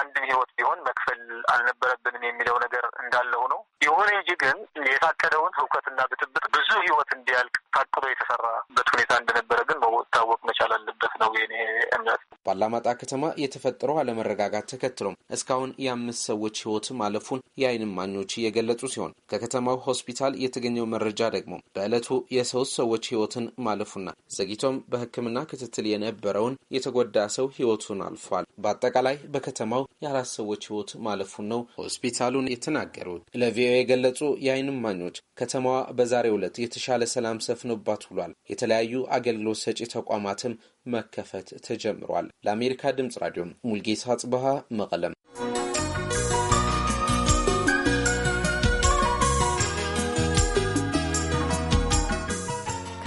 አንድን ህይወት ቢሆን መክፈል አልነበረብንም የሚለው ነገር እንዳለው ነው ይሁን እንጂ ግን የታቀደውን እውከትና ብጥብጥ ብዙ ህይወት እንዲያልቅ ታቅዶ የተሰራበት ሁኔታ እንደነበረ ግን መታወቅ መቻል አለበት ነው የኔ እምነት። ባላማጣ ከተማ የተፈጠረው አለመረጋጋት ተከትሎም እስካሁን የአምስት ሰዎች ህይወት ማለፉን የዓይን እማኞች እየገለጹ ሲሆን ከከተማው ሆስፒታል የተገኘው መረጃ ደግሞ በዕለቱ የሶስት ሰዎች ህይወትን ማለፉና ዘግይቶም በሕክምና ክትትል የነበረውን የተጎዳ ሰው ህይወቱን አልፏል። በአጠቃላይ በከተማው የአራት ሰዎች ህይወት ማለፉን ነው ሆስፒታሉን የተናገሩት። ለቪኦኤ የገለጹ የዓይን ማኞች ከተማዋ በዛሬው ዕለት የተሻለ ሰላም ሰፍኖባት ውሏል። የተለያዩ አገልግሎት ሰጪ ተቋማትም መከፈት ተጀምሯል። ለአሜሪካ ድምጽ ራዲዮ ሙልጌታ ጽበሃ መቀለም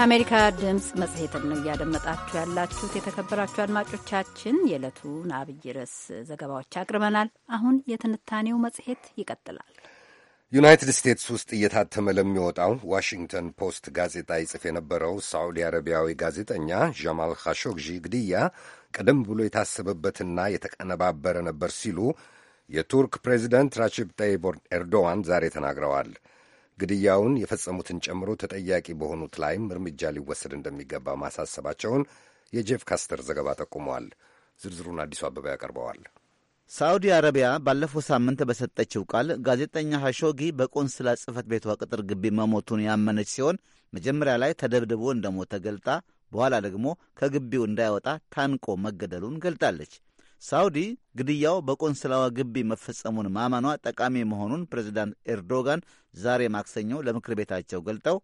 ከአሜሪካ ድምፅ መጽሔትን ነው እያደመጣችሁ ያላችሁት። የተከበራችሁ አድማጮቻችን የዕለቱን አብይ ርዕስ ዘገባዎች አቅርበናል። አሁን የትንታኔው መጽሔት ይቀጥላል። ዩናይትድ ስቴትስ ውስጥ እየታተመ ለሚወጣው ዋሽንግተን ፖስት ጋዜጣ ይጽፍ የነበረው ሳዑዲ አረቢያዊ ጋዜጠኛ ዣማል ካሾግዢ ግድያ ቀደም ብሎ የታሰበበትና የተቀነባበረ ነበር ሲሉ የቱርክ ፕሬዚደንት ራችብ ጠይብ ኤርዶዋን ዛሬ ተናግረዋል። ግድያውን የፈጸሙትን ጨምሮ ተጠያቂ በሆኑት ላይም እርምጃ ሊወሰድ እንደሚገባ ማሳሰባቸውን የጄፍ ካስተር ዘገባ ጠቁመዋል። ዝርዝሩን አዲሱ አበባ ያቀርበዋል። ሳዑዲ አረቢያ ባለፈው ሳምንት በሰጠችው ቃል ጋዜጠኛ ሐሾጊ በቆንስላ ጽህፈት ቤቷ ቅጥር ግቢ መሞቱን ያመነች ሲሆን መጀመሪያ ላይ ተደብድቦ እንደሞተ ገልጣ በኋላ ደግሞ ከግቢው እንዳይወጣ ታንቆ መገደሉን ገልጣለች። ሳውዲ ግድያው በቆንስላዋ ግቢ መፈጸሙን ማመኗ ጠቃሚ መሆኑን ፕሬዚዳንት ኤርዶጋን ዛሬ ማክሰኞ ለምክር ቤታቸው ገልጠው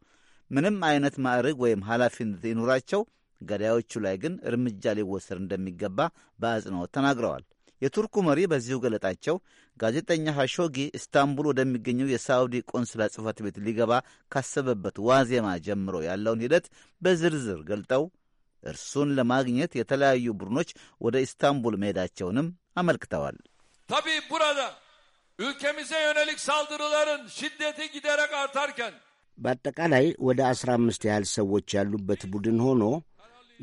ምንም አይነት ማዕረግ ወይም ኃላፊነት ይኑራቸው፣ ገዳዮቹ ላይ ግን እርምጃ ሊወሰድ እንደሚገባ በአጽንኦት ተናግረዋል። የቱርኩ መሪ በዚሁ ገለጣቸው ጋዜጠኛ ሐሾጊ ኢስታንቡል ወደሚገኘው የሳውዲ ቆንስላ ጽህፈት ቤት ሊገባ ካሰበበት ዋዜማ ጀምሮ ያለውን ሂደት በዝርዝር ገልጠው እርሱን ለማግኘት የተለያዩ ቡድኖች ወደ ኢስታንቡል መሄዳቸውንም አመልክተዋል። ታቢ ቡራዳ ülkemize yönelik saldırıların şiddeti giderek artarken በአጠቃላይ ወደ 15 ያህል ሰዎች ያሉበት ቡድን ሆኖ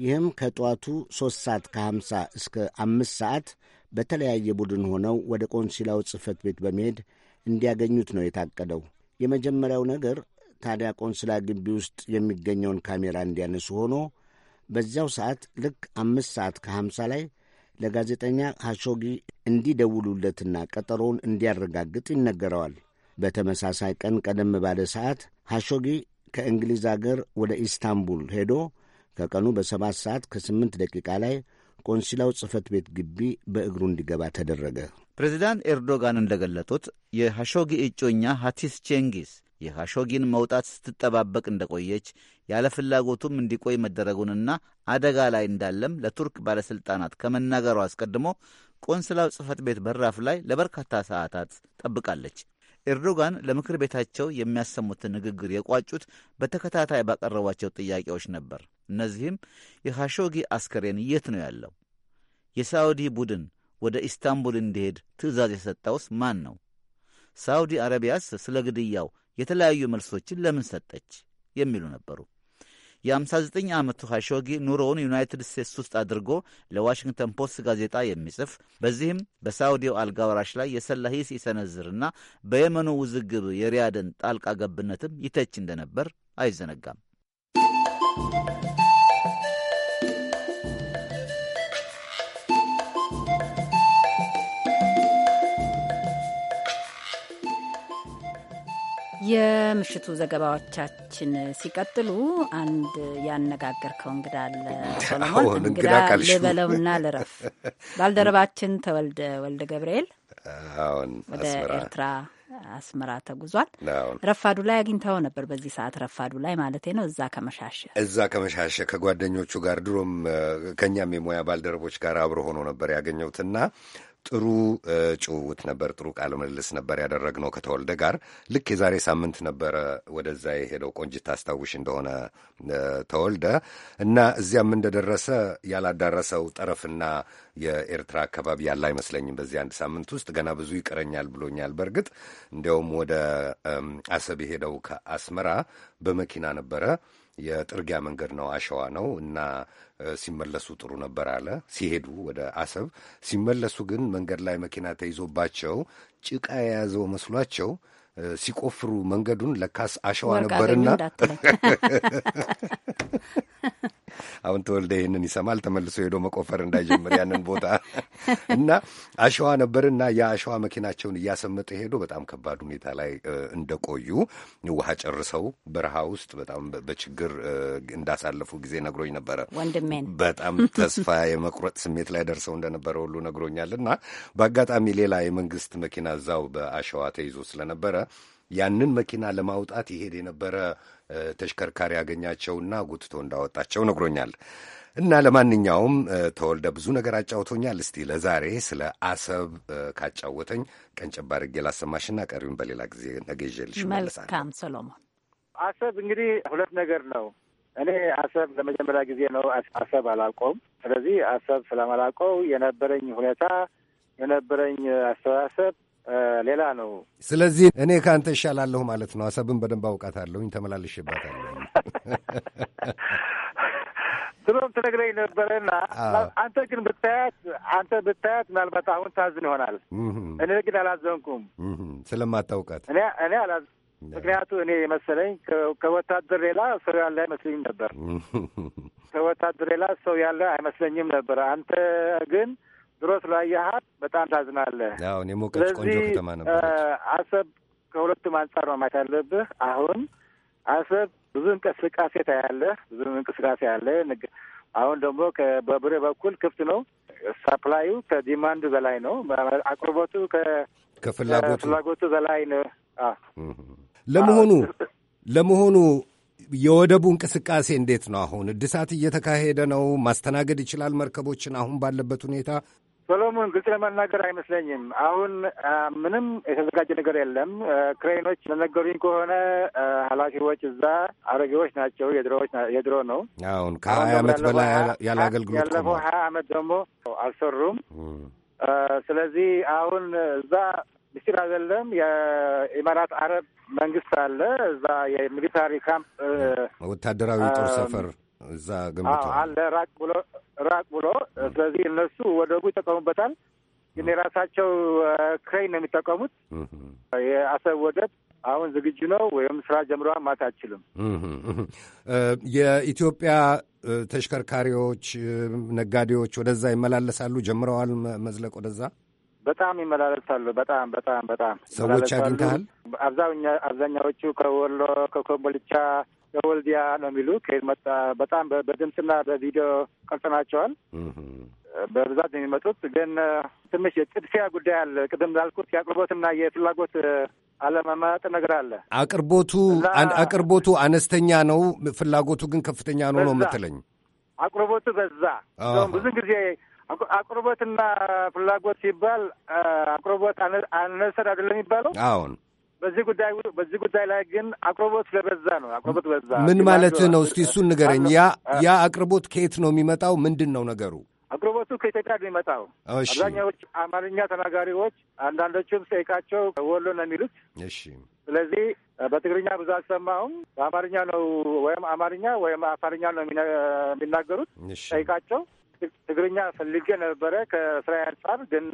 ይህም ከጠዋቱ 3 ሰዓት ከ50 እስከ 5 ሰዓት በተለያየ ቡድን ሆነው ወደ ቆንሲላው ጽሕፈት ቤት በመሄድ እንዲያገኙት ነው የታቀደው። የመጀመሪያው ነገር ታዲያ ቆንስላ ግቢ ውስጥ የሚገኘውን ካሜራ እንዲያነሱ ሆኖ በዚያው ሰዓት ልክ አምስት ሰዓት ከሀምሳ ላይ ለጋዜጠኛ ሐሾጊ እንዲደውሉለትና ቀጠሮውን እንዲያረጋግጥ ይነገረዋል። በተመሳሳይ ቀን ቀደም ባለ ሰዓት ሐሾጊ ከእንግሊዝ አገር ወደ ኢስታንቡል ሄዶ ከቀኑ በሰባት ሰዓት ከስምንት ደቂቃ ላይ ቆንሲላው ጽህፈት ቤት ግቢ በእግሩ እንዲገባ ተደረገ። ፕሬዚዳንት ኤርዶጋን እንደገለጡት የሐሾጊ እጮኛ ሀቲስ ቼንጊስ የሐሾጊን መውጣት ስትጠባበቅ እንደቆየች ያለ ፍላጎቱም እንዲቆይ መደረጉንና አደጋ ላይ እንዳለም ለቱርክ ባለሥልጣናት ከመናገሩ አስቀድሞ ቆንስላው ጽህፈት ቤት በራፍ ላይ ለበርካታ ሰዓታት ጠብቃለች። ኤርዶጋን ለምክር ቤታቸው የሚያሰሙትን ንግግር የቋጩት በተከታታይ ባቀረቧቸው ጥያቄዎች ነበር። እነዚህም የሃሾጊ አስከሬን የት ነው ያለው? የሳውዲ ቡድን ወደ ኢስታንቡል እንዲሄድ ትዕዛዝ የሰጠውስ ማን ነው? ሳውዲ አረቢያስ ስለ ግድያው የተለያዩ መልሶችን ለምን ሰጠች? የሚሉ ነበሩ። የ59 ዓመቱ ሀሾጊ ኑሮውን ዩናይትድ ስቴትስ ውስጥ አድርጎ ለዋሽንግተን ፖስት ጋዜጣ የሚጽፍ በዚህም በሳውዲው አልጋ ወራሽ ላይ የሰላ ሂስ ይሰነዝርና በየመኑ ውዝግብ የሪያድን ጣልቃ ገብነትም ይተች እንደነበር አይዘነጋም። የምሽቱ ዘገባዎቻችን ሲቀጥሉ አንድ ያነጋገርከው እንግዳ አለ ሰሎሞን። እንግዳ ልበለውና ልረፍ። ባልደረባችን ተወልደ ወልደ ገብርኤል ወደ ኤርትራ አስመራ ተጉዟል። ረፋዱ ላይ አግኝተው ነበር። በዚህ ሰዓት ረፋዱ ላይ ማለቴ ነው። እዛ ከመሻሸ እዛ ከመሻሸ ከጓደኞቹ ጋር ድሮም ከእኛም የሙያ ባልደረቦች ጋር አብሮ ሆኖ ነበር ያገኘሁትና ጥሩ ጭውውት ነበር፣ ጥሩ ቃለ ምልልስ ነበር ያደረግነው ከተወልደ ጋር። ልክ የዛሬ ሳምንት ነበረ ወደዛ የሄደው ቆንጅት ታስታውሽ እንደሆነ ተወልደ እና እዚያም እንደደረሰ ያላዳረሰው ጠረፍና የኤርትራ አካባቢ ያለ አይመስለኝም። በዚህ አንድ ሳምንት ውስጥ ገና ብዙ ይቀረኛል ብሎኛል። በእርግጥ እንዲያውም ወደ አሰብ የሄደው ከአስመራ በመኪና ነበረ። የጥርጊያ መንገድ ነው፣ አሸዋ ነው እና ሲመለሱ ጥሩ ነበር አለ። ሲሄዱ ወደ አሰብ ሲመለሱ ግን መንገድ ላይ መኪና ተይዞባቸው ጭቃ የያዘው መስሏቸው ሲቆፍሩ መንገዱን ለካስ አሸዋ ነበርና አሁን ተወልደ ይህንን ይሰማል ተመልሶ ሄዶ መቆፈር እንዳይጀምር ያንን ቦታ እና አሸዋ ነበርና የአሸዋ መኪናቸውን እያሰመጠ ሄዶ በጣም ከባድ ሁኔታ ላይ እንደቆዩ ውሃ ጨርሰው በረሃ ውስጥ በጣም በችግር እንዳሳለፉ ጊዜ ነግሮኝ ነበረ። ወንድሜን በጣም ተስፋ የመቁረጥ ስሜት ላይ ደርሰው እንደነበረ ሁሉ ነግሮኛል። እና በአጋጣሚ ሌላ የመንግስት መኪና እዛው በአሸዋ ተይዞ ስለነበረ ያንን መኪና ለማውጣት ይሄድ የነበረ ተሽከርካሪ ያገኛቸውና ጉትቶ እንዳወጣቸው ነግሮኛል። እና ለማንኛውም ተወልደ ብዙ ነገር አጫውቶኛል። እስቲ ለዛሬ ስለ አሰብ ካጫወተኝ ቀን አድርጌ ላሰማሽና ቀሪውን በሌላ ጊዜ ነገ ይዤልሽ መልካም ሰሎሞን። አሰብ እንግዲህ ሁለት ነገር ነው። እኔ አሰብ ለመጀመሪያ ጊዜ ነው። አሰብ አላውቀውም። ስለዚህ አሰብ ስለማላውቀው የነበረኝ ሁኔታ የነበረኝ አስተሳሰብ ሌላ ነው። ስለዚህ እኔ ከአንተ ይሻላለሁ ማለት ነው። አሰብን በደንብ አውቃታለሁኝ፣ ተመላልሽባታለሁ። ድሮም ትነግረኝ ነበረና አንተ ግን ብታያት አንተ ብታያት ምናልባት አሁን ታዝን ይሆናል። እኔ ግን አላዘንኩም ስለማታውቃት እኔ አላ ምክንያቱ እኔ የመሰለኝ ከወታደር ሌላ ሰው ያለ አይመስለኝም ነበር። ከወታደር ሌላ ሰው ያለ አይመስለኝም ነበር። አንተ ግን ድሮ ስላየሃት በጣም ታዝናለህ። አሁን የሞቀች ቆንጆ ከተማ ነበረች አሰብ። ከሁለቱም አንጻር ነው ማየት ያለብህ። አሁን አሰብ ብዙ እንቅስቃሴ ታያለህ፣ ብዙ እንቅስቃሴ አለ። አሁን ደግሞ በቡሬ በኩል ክፍት ነው። ሳፕላዩ ከዲማንድ በላይ ነው። አቅርቦቱ ከፍላጎቱ በላይ ነው። ለመሆኑ ለመሆኑ የወደቡ እንቅስቃሴ እንዴት ነው? አሁን እድሳት እየተካሄደ ነው? ማስተናገድ ይችላል መርከቦችን አሁን ባለበት ሁኔታ? ሰሎሞን፣ ግልጽ ለመናገር አይመስለኝም። አሁን ምንም የተዘጋጀ ነገር የለም። ክሬኖች ለነገሩኝ ከሆነ ኃላፊዎች እዛ አሮጌዎች ናቸው። የድሮዎች የድሮ ነው። አሁን ከሀያ አመት በላይ ያለ አገልግሎት ያለፈው ሀያ አመት ደግሞ አልሰሩም። ስለዚህ አሁን እዛ ምስጢር አይደለም። የኢማራት አረብ መንግስት አለ እዛ የሚሊታሪ ካምፕ ወታደራዊ ጦር ሰፈር እዛ ገንብቶ አለ ራቅ ብሎ ራቅ ብሎ። ስለዚህ እነሱ ወደቡ ይጠቀሙበታል፣ ግን የራሳቸው ክሬን ነው የሚጠቀሙት። የአሰብ ወደብ አሁን ዝግጁ ነው ወይም ስራ ጀምረዋል ማለት አችልም። የኢትዮጵያ ተሽከርካሪዎች፣ ነጋዴዎች ወደዛ ይመላለሳሉ። ጀምረዋል መዝለቅ ወደዛ በጣም ይመላለሳሉ። በጣም በጣም በጣም ሰዎች አግኝተሃል? አብዛኛዎቹ ከወሎ ከኮምቦልቻ ከወልዲያ ነው የሚሉ ከየት መጣ? በጣም በድምፅና በቪዲዮ ቀርጸናቸዋል። በብዛት የሚመጡት። ግን ትንሽ የጥድፊያ ጉዳይ አለ። ቅድም ላልኩት የአቅርቦትና የፍላጎት አለመማጥ ነገር አለ። አቅርቦቱ አቅርቦቱ አነስተኛ ነው፣ ፍላጎቱ ግን ከፍተኛ ነው ነው የምትለኝ? አቅርቦቱ በዛ ብዙ ጊዜ አቅርቦትና ፍላጎት ሲባል አቅርቦት አነሰን አይደለም የሚባለው። አሁን በዚህ ጉዳይ በዚህ ጉዳይ ላይ ግን አቅርቦት ለበዛ ነው። አቅርቦት በዛ ምን ማለት ነው? እስቲ እሱን ንገረኝ። ያ ያ አቅርቦት ከየት ነው የሚመጣው? ምንድን ነው ነገሩ? አቅርቦቱ ከኢትዮጵያ ነው የሚመጣው። አብዛኛዎች አማርኛ ተናጋሪዎች፣ አንዳንዶቹም ሰይቃቸው ወሎ ነው የሚሉት። እሺ። ስለዚህ በትግርኛ ብዙ አልሰማሁም። በአማርኛ ነው ወይም አማርኛ ወይም አፋርኛ ነው የሚናገሩት። ጠይቃቸው ትግርኛ ፈልጌ ነበረ ከስራ አንጻር ግን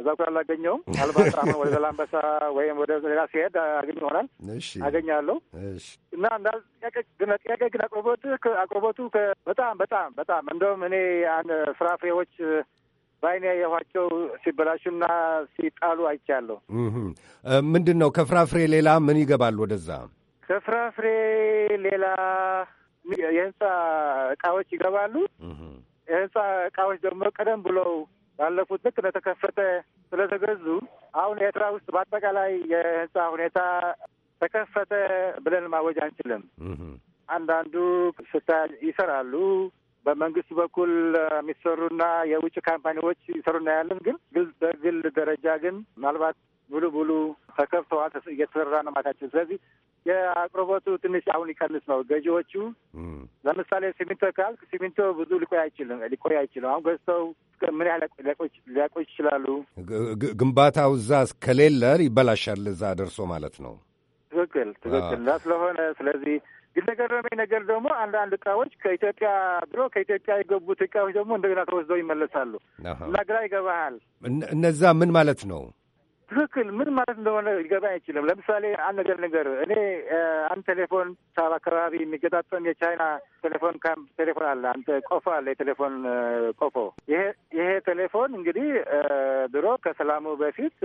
እዛ ኩል አላገኘውም። አልባት ራማ ወደ ዘላንበሳ ወይም ወደ ሌላ ሲሄድ አገኝ ይሆናል አገኛለሁ እና እንዳ ጥያቄ ግን አቅርቦት አቅርቦቱ በጣም በጣም በጣም እንደውም እኔ ፍራፍሬዎች በአይኔ ያየኋቸው ሲበላሹና ሲጣሉ አይቻለሁ። ምንድን ነው ከፍራፍሬ ሌላ ምን ይገባል ወደዛ? ከፍራፍሬ ሌላ የህንፃ እቃዎች ይገባሉ። የህንፃ እቃዎች ደግሞ ቀደም ብለው ባለፉት ልክ እንደተከፈተ ስለተገዙ አሁን ኤርትራ ውስጥ በአጠቃላይ የህንፃ ሁኔታ ተከፈተ ብለን ማወጅ አንችልም። አንዳንዱ ስታ ይሰራሉ በመንግስት በኩል የሚሰሩና የውጭ ካምፓኒዎች ይሰሩና ያለን ግን ግል በግል ደረጃ ግን ምናልባት ሙሉ ሙሉ ተከፍተዋል፣ እየተሰራ ነው ማታቸው። ስለዚህ የአቅርቦቱ ትንሽ አሁን ይቀንስ ነው። ገዢዎቹ ለምሳሌ ሲሚንቶ ካልክ ሲሚንቶ ብዙ ሊቆይ አይችልም፣ ሊቆይ አይችልም። አሁን ገዝተው ምን ያህል ሊያቆይ ይችላሉ? ግንባታው እዛ እስከሌለ ይበላሻል፣ እዛ ደርሶ ማለት ነው። ትክክል ትክክል። እና ስለሆነ ስለዚህ ግን የገረመኝ ነገር ደግሞ አንዳንድ እቃዎች ከኢትዮጵያ ድሮ ከኢትዮጵያ የገቡት እቃዎች ደግሞ እንደገና ተወስደው ይመለሳሉ እና ግራ ይገባሃል። እነዛ ምን ማለት ነው? ትክክል ምን ማለት እንደሆነ ሊገባ አይችልም። ለምሳሌ አንድ ነገር ነገር እኔ አንድ ቴሌፎን ሳብ አካባቢ የሚገጣጠም የቻይና ቴሌፎን ካምፕ ቴሌፎን አለ። አንተ ቆፎ አለ የቴሌፎን ቆፎ። ይሄ ይሄ ቴሌፎን እንግዲህ ድሮ ከሰላሙ በፊት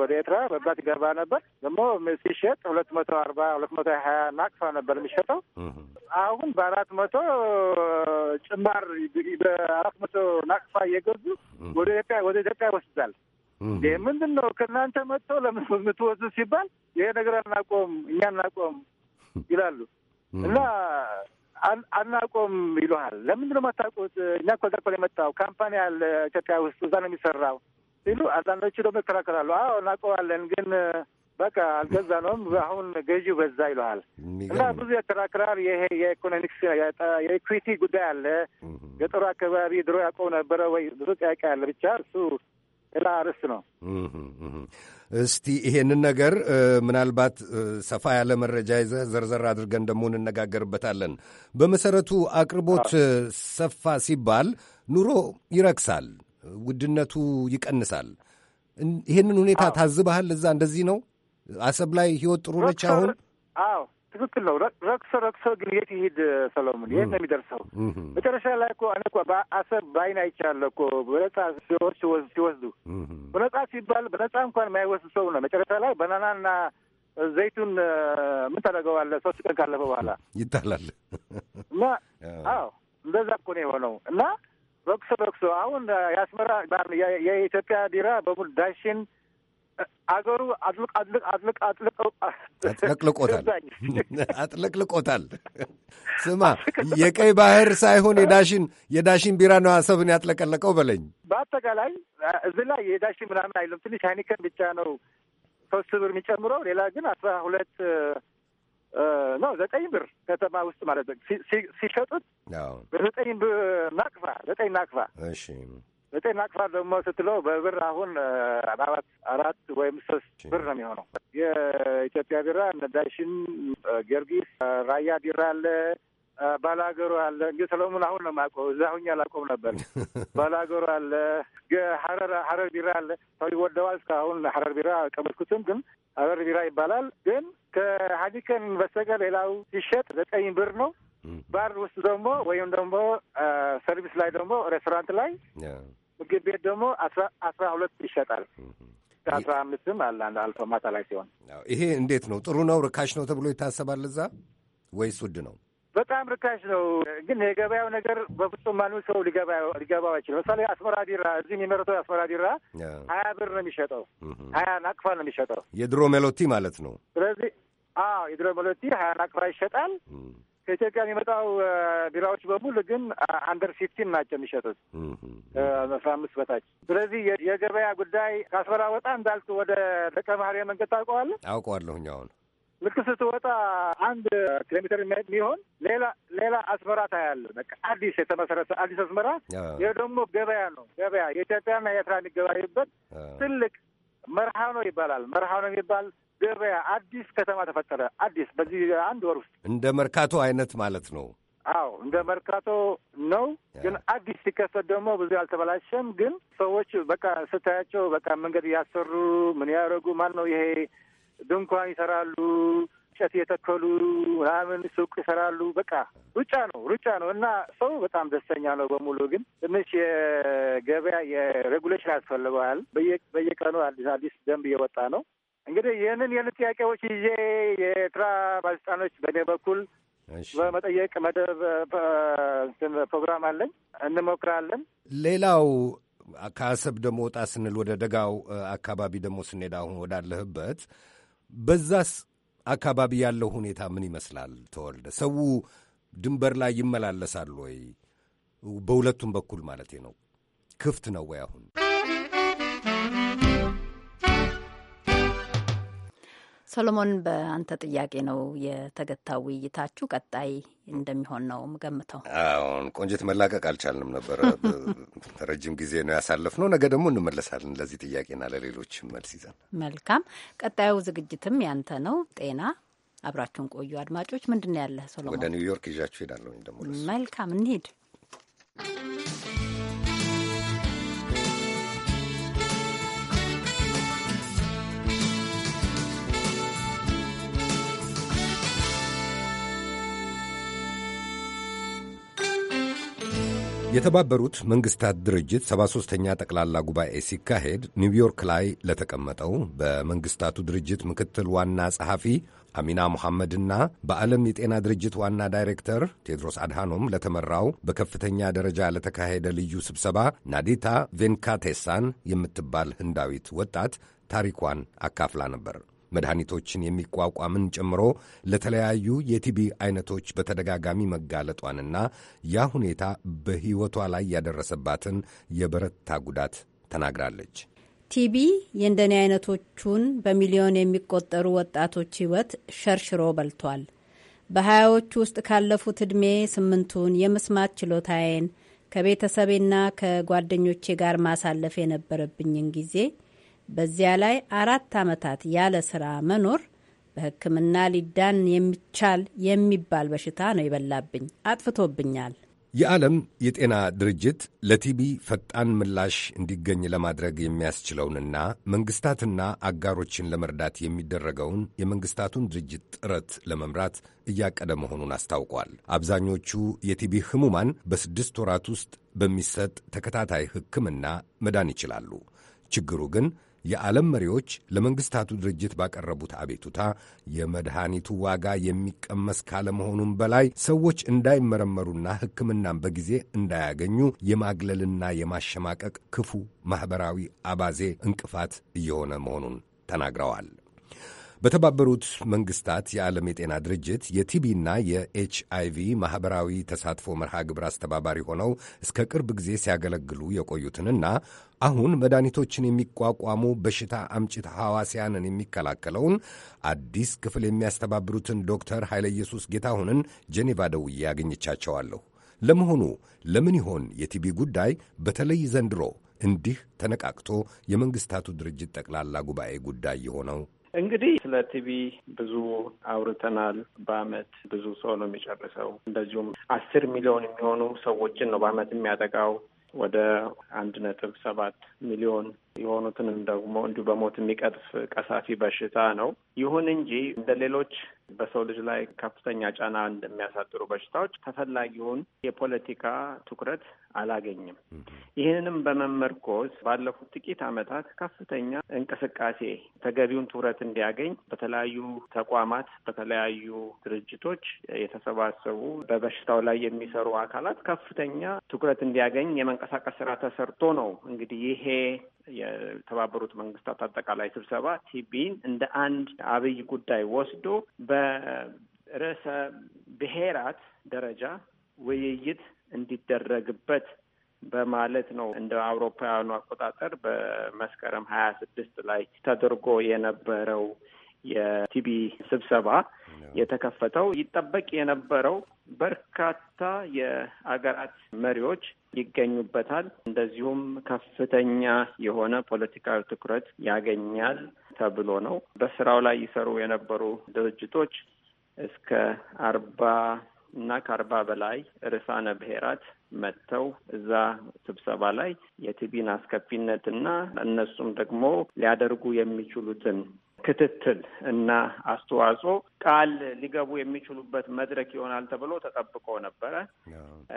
ወደ ኤርትራ በብዛት ይገባ ነበር። ደግሞ ሲሸጥ ሁለት መቶ አርባ ሁለት መቶ ሀያ ናቅፋ ነበር የሚሸጠው። አሁን በአራት መቶ ጭማር በአራት መቶ ናቅፋ እየገዙ ወደ ኢትዮጵያ ወደ ኢትዮጵያ ይወስዳል። ምንድን ነው ከእናንተ መጥተው ለምን ሲባል ይሄ ነገር አናቆም እኛ አናቆም ይላሉ እና አናቆም ይሉሃል። ለምንድን ነው የማታውቁት? እኛ እኮ እዛ እኮ ነው የመጣው ካምፓኒ አለ ኢትዮጵያ ውስጥ እዛ ነው የሚሰራው ሲሉ አንዳንዶቹ ደግሞ ይከራከራሉ። አዎ እናቆዋለን፣ ግን በቃ አልገዛነውም፣ አሁን ገዢው በዛ ይለሃል እና ብዙ ያከራክራል። ይሄ የኢኮኖሚክስ የኢኩዊቲ ጉዳይ አለ። የጥሩ አካባቢ ድሮ ያቆም ነበረ ወይ ብዙ ጥያቄ አለ። ብቻ እሱ ሌላ አርዕስት ነው። እስቲ ይሄንን ነገር ምናልባት ሰፋ ያለ መረጃ ይዘህ ዘርዘር አድርገን ደግሞ እንነጋገርበታለን። በመሰረቱ አቅርቦት ሰፋ ሲባል ኑሮ ይረክሳል፣ ውድነቱ ይቀንሳል። ይሄንን ሁኔታ ታዝበሃል? እዛ እንደዚህ ነው። አሰብ ላይ ህይወት ጥሩ ነች አሁን? አዎ ትክክል ነው። ረክሶ ረክሶ ግን የት ይሄድ ሰሎሞን? የት ነው የሚደርሰው? መጨረሻ ላይ እኮ እኔ እኮ በአሰብ በአይን አይቻለሁ እኮ በነጻ ሰዎች ሲወስዱ፣ በነጻ ሲባል በነጻ እንኳን የማይወስድ ሰው ነው። መጨረሻ ላይ በናናና ዘይቱን ምን ታደርገዋለህ? ሶስት ቀን ካለፈ በኋላ ይታላል። እና አዎ፣ እንደዛ እኮ ነው የሆነው እና ረክሶ ረክሶ አሁን የአስመራ የኢትዮጵያ ቢራ በሙሉ ዳሽን አገሩ አጥልቅ አጥልቅ አጥልቅ አጥልቅ አጥለቅልቆታል ስማ የቀይ ባህር ሳይሆን የዳሽን የዳሽን ቢራ ነው አሰብን ያጥለቀለቀው በለኝ። በአጠቃላይ እዚህ ላይ የዳሽን ምናምን አይለም። ትንሽ ሃይኒከን ብቻ ነው ሶስት ብር የሚጨምረው። ሌላ ግን አስራ ሁለት ነው ዘጠኝ ብር ከተማ ውስጥ ማለት ነው ሲሸጡት ዘጠኝ ናቅፋ ዘጠኝ ናቅፋ ዘጠኝ ናቅፋ ደግሞ ስትለው በብር አሁን አራት አራት ወይም ሶስት ብር ነው የሚሆነው። የኢትዮጵያ ቢራ ነዳሽን፣ ዳሽን፣ ጊዮርጊስ፣ ራያ ቢራ አለ ባላገሩ አለ እንግዲህ ሰሎሞን አሁን ነው ማቆ እዛ ሁኜ አላውቀውም ነበር። ባላገሩ አለ ሀረር ሀረር ቢራ አለ። ሰው ይወደዋል። እስካሁን ሀረር ቢራ ቀመስኩትም፣ ግን ሀረር ቢራ ይባላል። ግን ከሀዲከን በስተቀር ሌላው ሲሸጥ ዘጠኝ ብር ነው። ባር ውስጥ ደግሞ ወይም ደግሞ ሰርቪስ ላይ ደግሞ ሬስቶራንት ላይ ምግብ ቤት ደግሞ አስራ ሁለት ይሸጣል። አስራ አምስትም አለ አንድ አልፎ ማታ ላይ ሲሆን ይሄ እንዴት ነው? ጥሩ ነው? ርካሽ ነው ተብሎ ይታሰባል እዛ ወይስ ውድ ነው? በጣም ርካሽ ነው። ግን የገበያው ነገር በፍጹም ማንም ሰው ሊገባው አይችልም። ምሳሌ አስመራ ቢራ እዚህ የሚመረተው አስመራ ቢራ ሀያ ብር ነው የሚሸጠው፣ ሀያ ናቅፋ ነው የሚሸጠው የድሮ ሜሎቲ ማለት ነው። ስለዚህ አዎ የድሮ ሜሎቲ ሀያ ናቅፋ ይሸጣል። ከኢትዮጵያ የሚመጣው ቢራዎች በሙሉ ግን አንደር ፊፍቲን ናቸው የሚሸጡት አስራ አምስት በታች። ስለዚህ የገበያ ጉዳይ ከአስመራ ወጣ እንዳልክ ወደ ደቀ ማርያም መንገድ ታውቀዋለህ? አውቀዋለሁኝ። አሁን ልክ ስትወጣ አንድ ኪሎ ሜትር የሚሆን ሌላ ሌላ አስመራ ታያለህ። በቃ አዲስ የተመሰረተ አዲስ አስመራ። ይህ ደግሞ ገበያ ነው። ገበያ የኢትዮጵያና የኤርትራ የሚገባዩበት ትልቅ መርሃኖ ይባላል። መርሃኖ የሚባል ገበያ አዲስ ከተማ ተፈጠረ። አዲስ በዚህ አንድ ወር ውስጥ እንደ መርካቶ አይነት ማለት ነው። አዎ እንደ መርካቶ ነው። ግን አዲስ ሲከፈት ደግሞ ብዙ አልተበላሸም። ግን ሰዎች በቃ ስታያቸው በቃ መንገድ እያሰሩ ምን ያደረጉ ማን ነው ይሄ ድንኳን ይሰራሉ፣ እንጨት እየተከሉ ምናምን ሱቅ ይሰራሉ። በቃ ሩጫ ነው ሩጫ ነው እና ሰው በጣም ደስተኛ ነው በሙሉ። ግን ትንሽ የገበያ የሬጉሌሽን ያስፈልገዋል። በየቀኑ አዲስ አዲስ ደንብ እየወጣ ነው እንግዲህ ይህንን የል ጥያቄዎች ይዤ የኤርትራ ባለስልጣኖች በእኔ በኩል በመጠየቅ መደብ ፕሮግራም አለኝ፣ እንሞክራለን። ሌላው ከአሰብ ደግሞ ወጣ ስንል ወደ ደጋው አካባቢ ደግሞ ስንሄድ አሁን ወዳለህበት በዛስ አካባቢ ያለው ሁኔታ ምን ይመስላል? ተወልደ ሰው ድንበር ላይ ይመላለሳል ወይ? በሁለቱም በኩል ማለት ነው። ክፍት ነው ወይ አሁን? ሰሎሞን፣ በአንተ ጥያቄ ነው የተገታው ውይይታችሁ። ቀጣይ እንደሚሆን ነው ምገምተው። አሁን ቆንጅት መላቀቅ አልቻልንም ነበረ። ረጅም ጊዜ ነው ያሳለፍነው። ነገ ደግሞ እንመለሳለን ለዚህ ጥያቄና ለሌሎች መልስ ይዘን። መልካም። ቀጣዩ ዝግጅትም ያንተ ነው። ጤና አብራችሁን ቆዩ አድማጮች። ምንድን ነው ያለህ ሰሎሞን? ወደ ኒውዮርክ ይዣችሁ ሄዳለሁ። ደግሞ መልካም እንሂድ። የተባበሩት መንግስታት ድርጅት 73 ተኛ ጠቅላላ ጉባኤ ሲካሄድ ኒውዮርክ ላይ ለተቀመጠው በመንግስታቱ ድርጅት ምክትል ዋና ጸሐፊ አሚና ሙሐመድና በዓለም የጤና ድርጅት ዋና ዳይሬክተር ቴድሮስ አድሃኖም ለተመራው በከፍተኛ ደረጃ ለተካሄደ ልዩ ስብሰባ ናዲታ ቬንካቴሳን የምትባል ህንዳዊት ወጣት ታሪኳን አካፍላ ነበር። መድኃኒቶችን የሚቋቋምን ጨምሮ ለተለያዩ የቲቢ አይነቶች በተደጋጋሚ መጋለጧንና ያ ሁኔታ በሕይወቷ ላይ ያደረሰባትን የበረታ ጉዳት ተናግራለች። ቲቢ የእንደኔ አይነቶቹን በሚሊዮን የሚቆጠሩ ወጣቶች ሕይወት ሸርሽሮ በልቷል። በሀያዎቹ ውስጥ ካለፉት ዕድሜ ስምንቱን የመስማት ችሎታዬን ከቤተሰቤና ከጓደኞቼ ጋር ማሳለፍ የነበረብኝን ጊዜ በዚያ ላይ አራት ዓመታት ያለ ስራ መኖር በሕክምና ሊዳን የሚቻል የሚባል በሽታ ነው የበላብኝ፣ አጥፍቶብኛል። የዓለም የጤና ድርጅት ለቲቢ ፈጣን ምላሽ እንዲገኝ ለማድረግ የሚያስችለውንና መንግሥታትና አጋሮችን ለመርዳት የሚደረገውን የመንግሥታቱን ድርጅት ጥረት ለመምራት እያቀደ መሆኑን አስታውቋል። አብዛኞቹ የቲቢ ህሙማን በስድስት ወራት ውስጥ በሚሰጥ ተከታታይ ሕክምና መዳን ይችላሉ። ችግሩ ግን የዓለም መሪዎች ለመንግሥታቱ ድርጅት ባቀረቡት አቤቱታ የመድኃኒቱ ዋጋ የሚቀመስ ካለመሆኑም በላይ ሰዎች እንዳይመረመሩና ሕክምናን በጊዜ እንዳያገኙ የማግለልና የማሸማቀቅ ክፉ ማኅበራዊ አባዜ እንቅፋት እየሆነ መሆኑን ተናግረዋል። በተባበሩት መንግስታት የዓለም የጤና ድርጅት የቲቢና የኤች አይቪ ማኅበራዊ ተሳትፎ መርሃ ግብር አስተባባሪ ሆነው እስከ ቅርብ ጊዜ ሲያገለግሉ የቆዩትንና አሁን መድኃኒቶችን የሚቋቋሙ በሽታ አምጪ ተሐዋስያንን የሚከላከለውን አዲስ ክፍል የሚያስተባብሩትን ዶክተር ኃይለ ኢየሱስ ጌታሁንን ጄኔቫ ደውዬ አገኘቻቸዋለሁ ለመሆኑ ለምን ይሆን የቲቢ ጉዳይ በተለይ ዘንድሮ እንዲህ ተነቃቅቶ የመንግሥታቱ ድርጅት ጠቅላላ ጉባኤ ጉዳይ የሆነው? እንግዲህ ስለ ቲቪ ብዙ አውርተናል። በአመት ብዙ ሰው ነው የሚጨርሰው። እንደዚሁም አስር ሚሊዮን የሚሆኑ ሰዎችን ነው በአመት የሚያጠቃው። ወደ አንድ ነጥብ ሰባት ሚሊዮን የሆኑትንም ደግሞ እንዲሁ በሞት የሚቀጥፍ ቀሳፊ በሽታ ነው። ይሁን እንጂ እንደ ሌሎች በሰው ልጅ ላይ ከፍተኛ ጫና እንደሚያሳድሩ በሽታዎች ተፈላጊውን የፖለቲካ ትኩረት አላገኝም። ይህንንም በመመርኮዝ ባለፉት ጥቂት ዓመታት ከፍተኛ እንቅስቃሴ ተገቢውን ትኩረት እንዲያገኝ በተለያዩ ተቋማት፣ በተለያዩ ድርጅቶች የተሰባሰቡ በበሽታው ላይ የሚሰሩ አካላት ከፍተኛ ትኩረት እንዲያገኝ የመንቀሳቀስ ስራ ተሰርቶ ነው እንግዲህ ይሄ የተባበሩት መንግስታት አጠቃላይ ስብሰባ ቲቢን እንደ አንድ አብይ ጉዳይ ወስዶ በርዕሰ ብሔራት ደረጃ ውይይት እንዲደረግበት በማለት ነው። እንደ አውሮፓውያኑ አቆጣጠር በመስከረም ሀያ ስድስት ላይ ተደርጎ የነበረው የቲቢ ስብሰባ የተከፈተው ይጠበቅ የነበረው በርካታ የአገራት መሪዎች ይገኙበታል። እንደዚሁም ከፍተኛ የሆነ ፖለቲካዊ ትኩረት ያገኛል ተብሎ ነው። በስራው ላይ ይሰሩ የነበሩ ድርጅቶች እስከ አርባ እና ከአርባ በላይ ርዕሳነ ብሔራት መጥተው እዛ ስብሰባ ላይ የቲቢን አስከፊነት እና እነሱም ደግሞ ሊያደርጉ የሚችሉትን ክትትል እና አስተዋጽኦ ቃል ሊገቡ የሚችሉበት መድረክ ይሆናል ተብሎ ተጠብቆ ነበረ።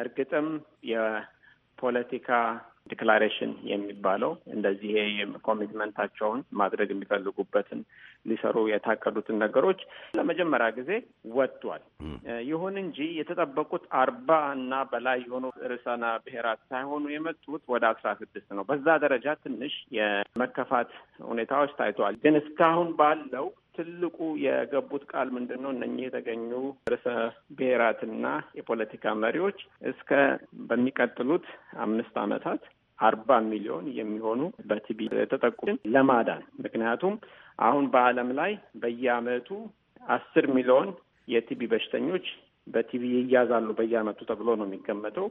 እርግጥም ፖለቲካ ዲክላሬሽን የሚባለው እንደዚህ ኮሚትመንታቸውን ማድረግ የሚፈልጉበትን ሊሰሩ የታቀዱትን ነገሮች ለመጀመሪያ ጊዜ ወጥቷል። ይሁን እንጂ የተጠበቁት አርባ እና በላይ የሆኑ ርዕሳነ ብሔራት ሳይሆኑ የመጡት ወደ አስራ ስድስት ነው። በዛ ደረጃ ትንሽ የመከፋት ሁኔታዎች ታይተዋል። ግን እስካሁን ባለው ትልቁ የገቡት ቃል ምንድን ነው? እነኚህ የተገኙ ርዕሰ ብሔራትና የፖለቲካ መሪዎች እስከ በሚቀጥሉት አምስት ዓመታት አርባ ሚሊዮን የሚሆኑ በቲቢ የተጠቁትን ለማዳን ምክንያቱም አሁን በዓለም ላይ በየዓመቱ አስር ሚሊዮን የቲቢ በሽተኞች በቲቪ ይያዛሉ በየአመቱ ተብሎ ነው የሚገመተው።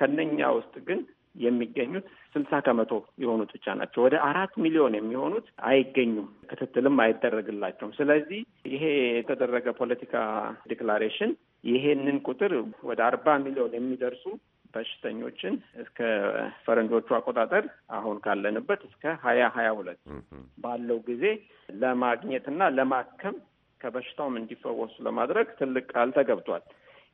ከነኛ ውስጥ ግን የሚገኙት ስልሳ ከመቶ የሆኑት ብቻ ናቸው። ወደ አራት ሚሊዮን የሚሆኑት አይገኙም፣ ክትትልም አይደረግላቸውም። ስለዚህ ይሄ የተደረገ ፖለቲካ ዲክላሬሽን ይሄንን ቁጥር ወደ አርባ ሚሊዮን የሚደርሱ በሽተኞችን እስከ ፈረንጆቹ አቆጣጠር አሁን ካለንበት እስከ ሀያ ሀያ ሁለት ባለው ጊዜ ለማግኘትና ለማከም ከበሽታውም እንዲፈወሱ ለማድረግ ትልቅ ቃል ተገብቷል።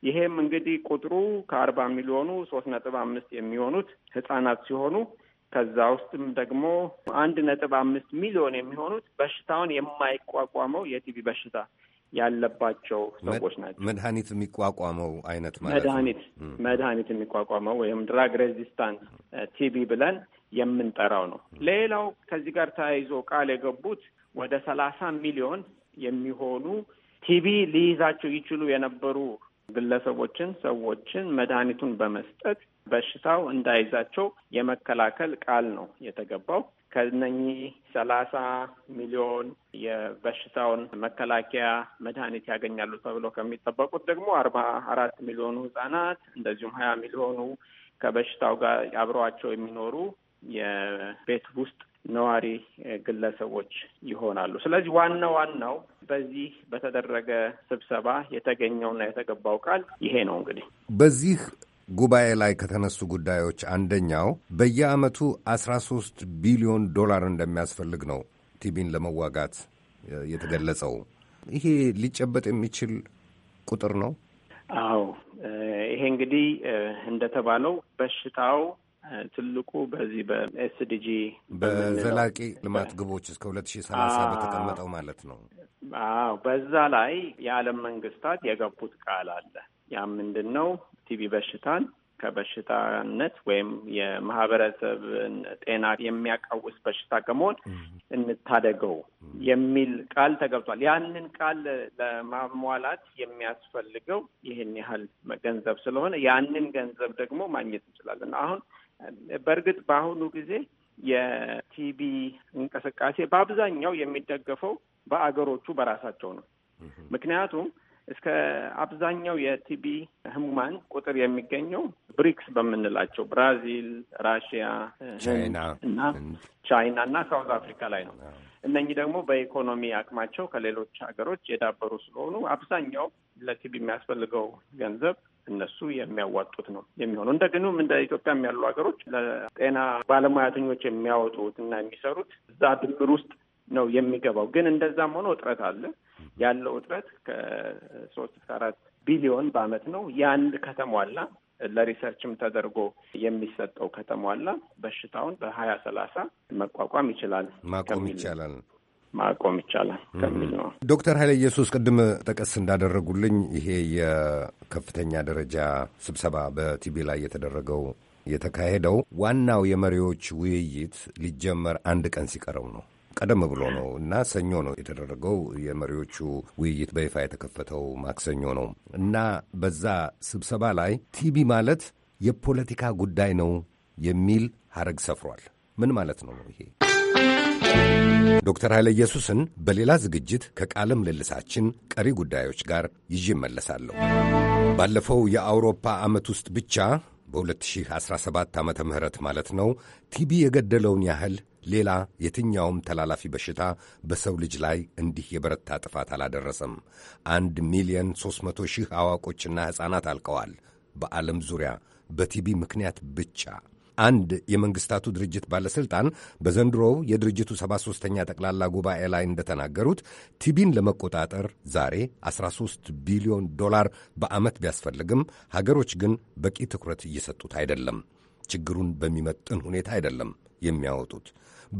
ይሄም እንግዲህ ቁጥሩ ከአርባ ሚሊዮኑ ሶስት ነጥብ አምስት የሚሆኑት ህጻናት ሲሆኑ ከዛ ውስጥም ደግሞ አንድ ነጥብ አምስት ሚሊዮን የሚሆኑት በሽታውን የማይቋቋመው የቲቪ በሽታ ያለባቸው ሰዎች ናቸው። መድኃኒት የሚቋቋመው አይነት ማለት መድኃኒት መድኃኒት የሚቋቋመው ወይም ድራግ ሬዚስታንት ቲቪ ብለን የምንጠራው ነው። ሌላው ከዚህ ጋር ተያይዞ ቃል የገቡት ወደ ሰላሳ ሚሊዮን የሚሆኑ ቲቪ ሊይዛቸው ይችሉ የነበሩ ግለሰቦችን፣ ሰዎችን መድኃኒቱን በመስጠት በሽታው እንዳይዛቸው የመከላከል ቃል ነው የተገባው። ከነኚህ ሰላሳ ሚሊዮን የበሽታውን መከላከያ መድኃኒት ያገኛሉ ተብሎ ከሚጠበቁት ደግሞ አርባ አራት ሚሊዮኑ ህጻናት እንደዚሁም ሀያ ሚሊዮኑ ከበሽታው ጋር አብረዋቸው የሚኖሩ የቤት ውስጥ ነዋሪ ግለሰቦች ይሆናሉ። ስለዚህ ዋና ዋናው በዚህ በተደረገ ስብሰባ የተገኘውና የተገባው ቃል ይሄ ነው። እንግዲህ በዚህ ጉባኤ ላይ ከተነሱ ጉዳዮች አንደኛው በየዓመቱ አስራ ሶስት ቢሊዮን ዶላር እንደሚያስፈልግ ነው ቲቢን ለመዋጋት የተገለጸው። ይሄ ሊጨበጥ የሚችል ቁጥር ነው። አዎ ይሄ እንግዲህ እንደተባለው በሽታው ትልቁ በዚህ በኤስዲጂ በዘላቂ ልማት ግቦች እስከ ሁለት ሺህ ሰላሳ በተቀመጠው ማለት ነው። አዎ በዛ ላይ የዓለም መንግስታት የገቡት ቃል አለ። ያ ምንድን ነው? ቲቪ በሽታን ከበሽታነት ወይም የማህበረሰብ ጤና የሚያቃውስ በሽታ ከመሆን እንታደገው የሚል ቃል ተገብቷል። ያንን ቃል ለማሟላት የሚያስፈልገው ይህን ያህል ገንዘብ ስለሆነ ያንን ገንዘብ ደግሞ ማግኘት እንችላለን። አሁን በእርግጥ በአሁኑ ጊዜ የቲቢ እንቅስቃሴ በአብዛኛው የሚደገፈው በአገሮቹ በራሳቸው ነው። ምክንያቱም እስከ አብዛኛው የቲቢ ህሙማን ቁጥር የሚገኘው ብሪክስ በምንላቸው ብራዚል፣ ራሽያ እና ቻይና እና ሳውዝ አፍሪካ ላይ ነው። እነኚህ ደግሞ በኢኮኖሚ አቅማቸው ከሌሎች ሀገሮች የዳበሩ ስለሆኑ አብዛኛው ለቲቢ የሚያስፈልገው ገንዘብ እነሱ የሚያዋጡት ነው የሚሆነው። እንደግንም እንደ ኢትዮጵያም ያሉ ሀገሮች ለጤና ባለሙያተኞች የሚያወጡት እና የሚሰሩት እዛ ድምር ውስጥ ነው የሚገባው። ግን እንደዛም ሆኖ እጥረት አለ። ያለው እጥረት ከሶስት እስከ አራት ቢሊዮን በአመት ነው። ያን ከተሟላ ለሪሰርችም ተደርጎ የሚሰጠው ከተሟላ በሽታውን በሀያ ሰላሳ መቋቋም ይችላል ማቆም ይቻላል ማቆም ይቻላል ከሚል ነው። ዶክተር ኃይለ ኢየሱስ ቅድም ጠቀስ እንዳደረጉልኝ ይሄ የከፍተኛ ደረጃ ስብሰባ በቲቢ ላይ የተደረገው የተካሄደው ዋናው የመሪዎች ውይይት ሊጀመር አንድ ቀን ሲቀረው ነው። ቀደም ብሎ ነው እና ሰኞ ነው የተደረገው የመሪዎቹ ውይይት በይፋ የተከፈተው ማክሰኞ ነው እና በዛ ስብሰባ ላይ ቲቢ ማለት የፖለቲካ ጉዳይ ነው የሚል ሀረግ ሰፍሯል። ምን ማለት ነው ይሄ? ዶክተር ኃይለ ኢየሱስን በሌላ ዝግጅት ከቃለ ምልልሳችን ቀሪ ጉዳዮች ጋር ይዤ እመለሳለሁ። ባለፈው የአውሮፓ ዓመት ውስጥ ብቻ በ2017 ዓመተ ምህረት ማለት ነው ቲቢ የገደለውን ያህል ሌላ የትኛውም ተላላፊ በሽታ በሰው ልጅ ላይ እንዲህ የበረታ ጥፋት አላደረሰም። አንድ ሚሊዮን ሦስት መቶ ሺህ አዋቆችና ሕፃናት አልቀዋል በዓለም ዙሪያ በቲቢ ምክንያት ብቻ። አንድ የመንግስታቱ ድርጅት ባለሥልጣን በዘንድሮው የድርጅቱ 73ኛ ጠቅላላ ጉባኤ ላይ እንደተናገሩት ቲቢን ለመቆጣጠር ዛሬ 13 ቢሊዮን ዶላር በዓመት ቢያስፈልግም ሀገሮች ግን በቂ ትኩረት እየሰጡት አይደለም። ችግሩን በሚመጥን ሁኔታ አይደለም የሚያወጡት።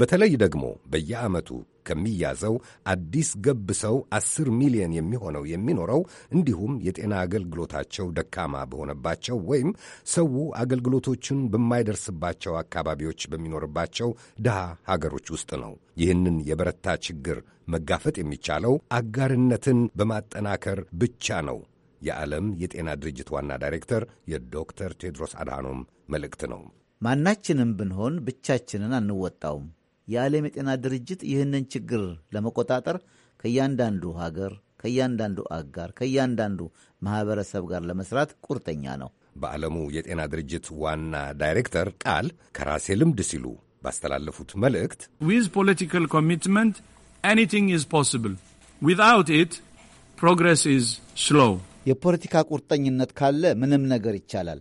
በተለይ ደግሞ በየዓመቱ ከሚያዘው አዲስ ገብ ሰው አስር ሚሊዮን የሚሆነው የሚኖረው እንዲሁም የጤና አገልግሎታቸው ደካማ በሆነባቸው ወይም ሰው አገልግሎቶችን በማይደርስባቸው አካባቢዎች በሚኖርባቸው ድሃ ሀገሮች ውስጥ ነው። ይህንን የበረታ ችግር መጋፈጥ የሚቻለው አጋርነትን በማጠናከር ብቻ ነው የዓለም የጤና ድርጅት ዋና ዳይሬክተር የዶክተር ቴድሮስ አድሃኖም መልእክት ነው። ማናችንም ብንሆን ብቻችንን አንወጣውም። የዓለም የጤና ድርጅት ይህንን ችግር ለመቆጣጠር ከእያንዳንዱ ሀገር፣ ከእያንዳንዱ አጋር፣ ከእያንዳንዱ ማኅበረሰብ ጋር ለመስራት ቁርጠኛ ነው። በዓለሙ የጤና ድርጅት ዋና ዳይሬክተር ቃል ከራሴ ልምድ ሲሉ ባስተላለፉት መልእክት ዊዝ ፖለቲካል ኮሚትመንት ኤኒቲንግ ኢዝ ፖስብል ዊዝአውት ኢት ፕሮግረስ ኢዝ ስሎው። የፖለቲካ ቁርጠኝነት ካለ ምንም ነገር ይቻላል።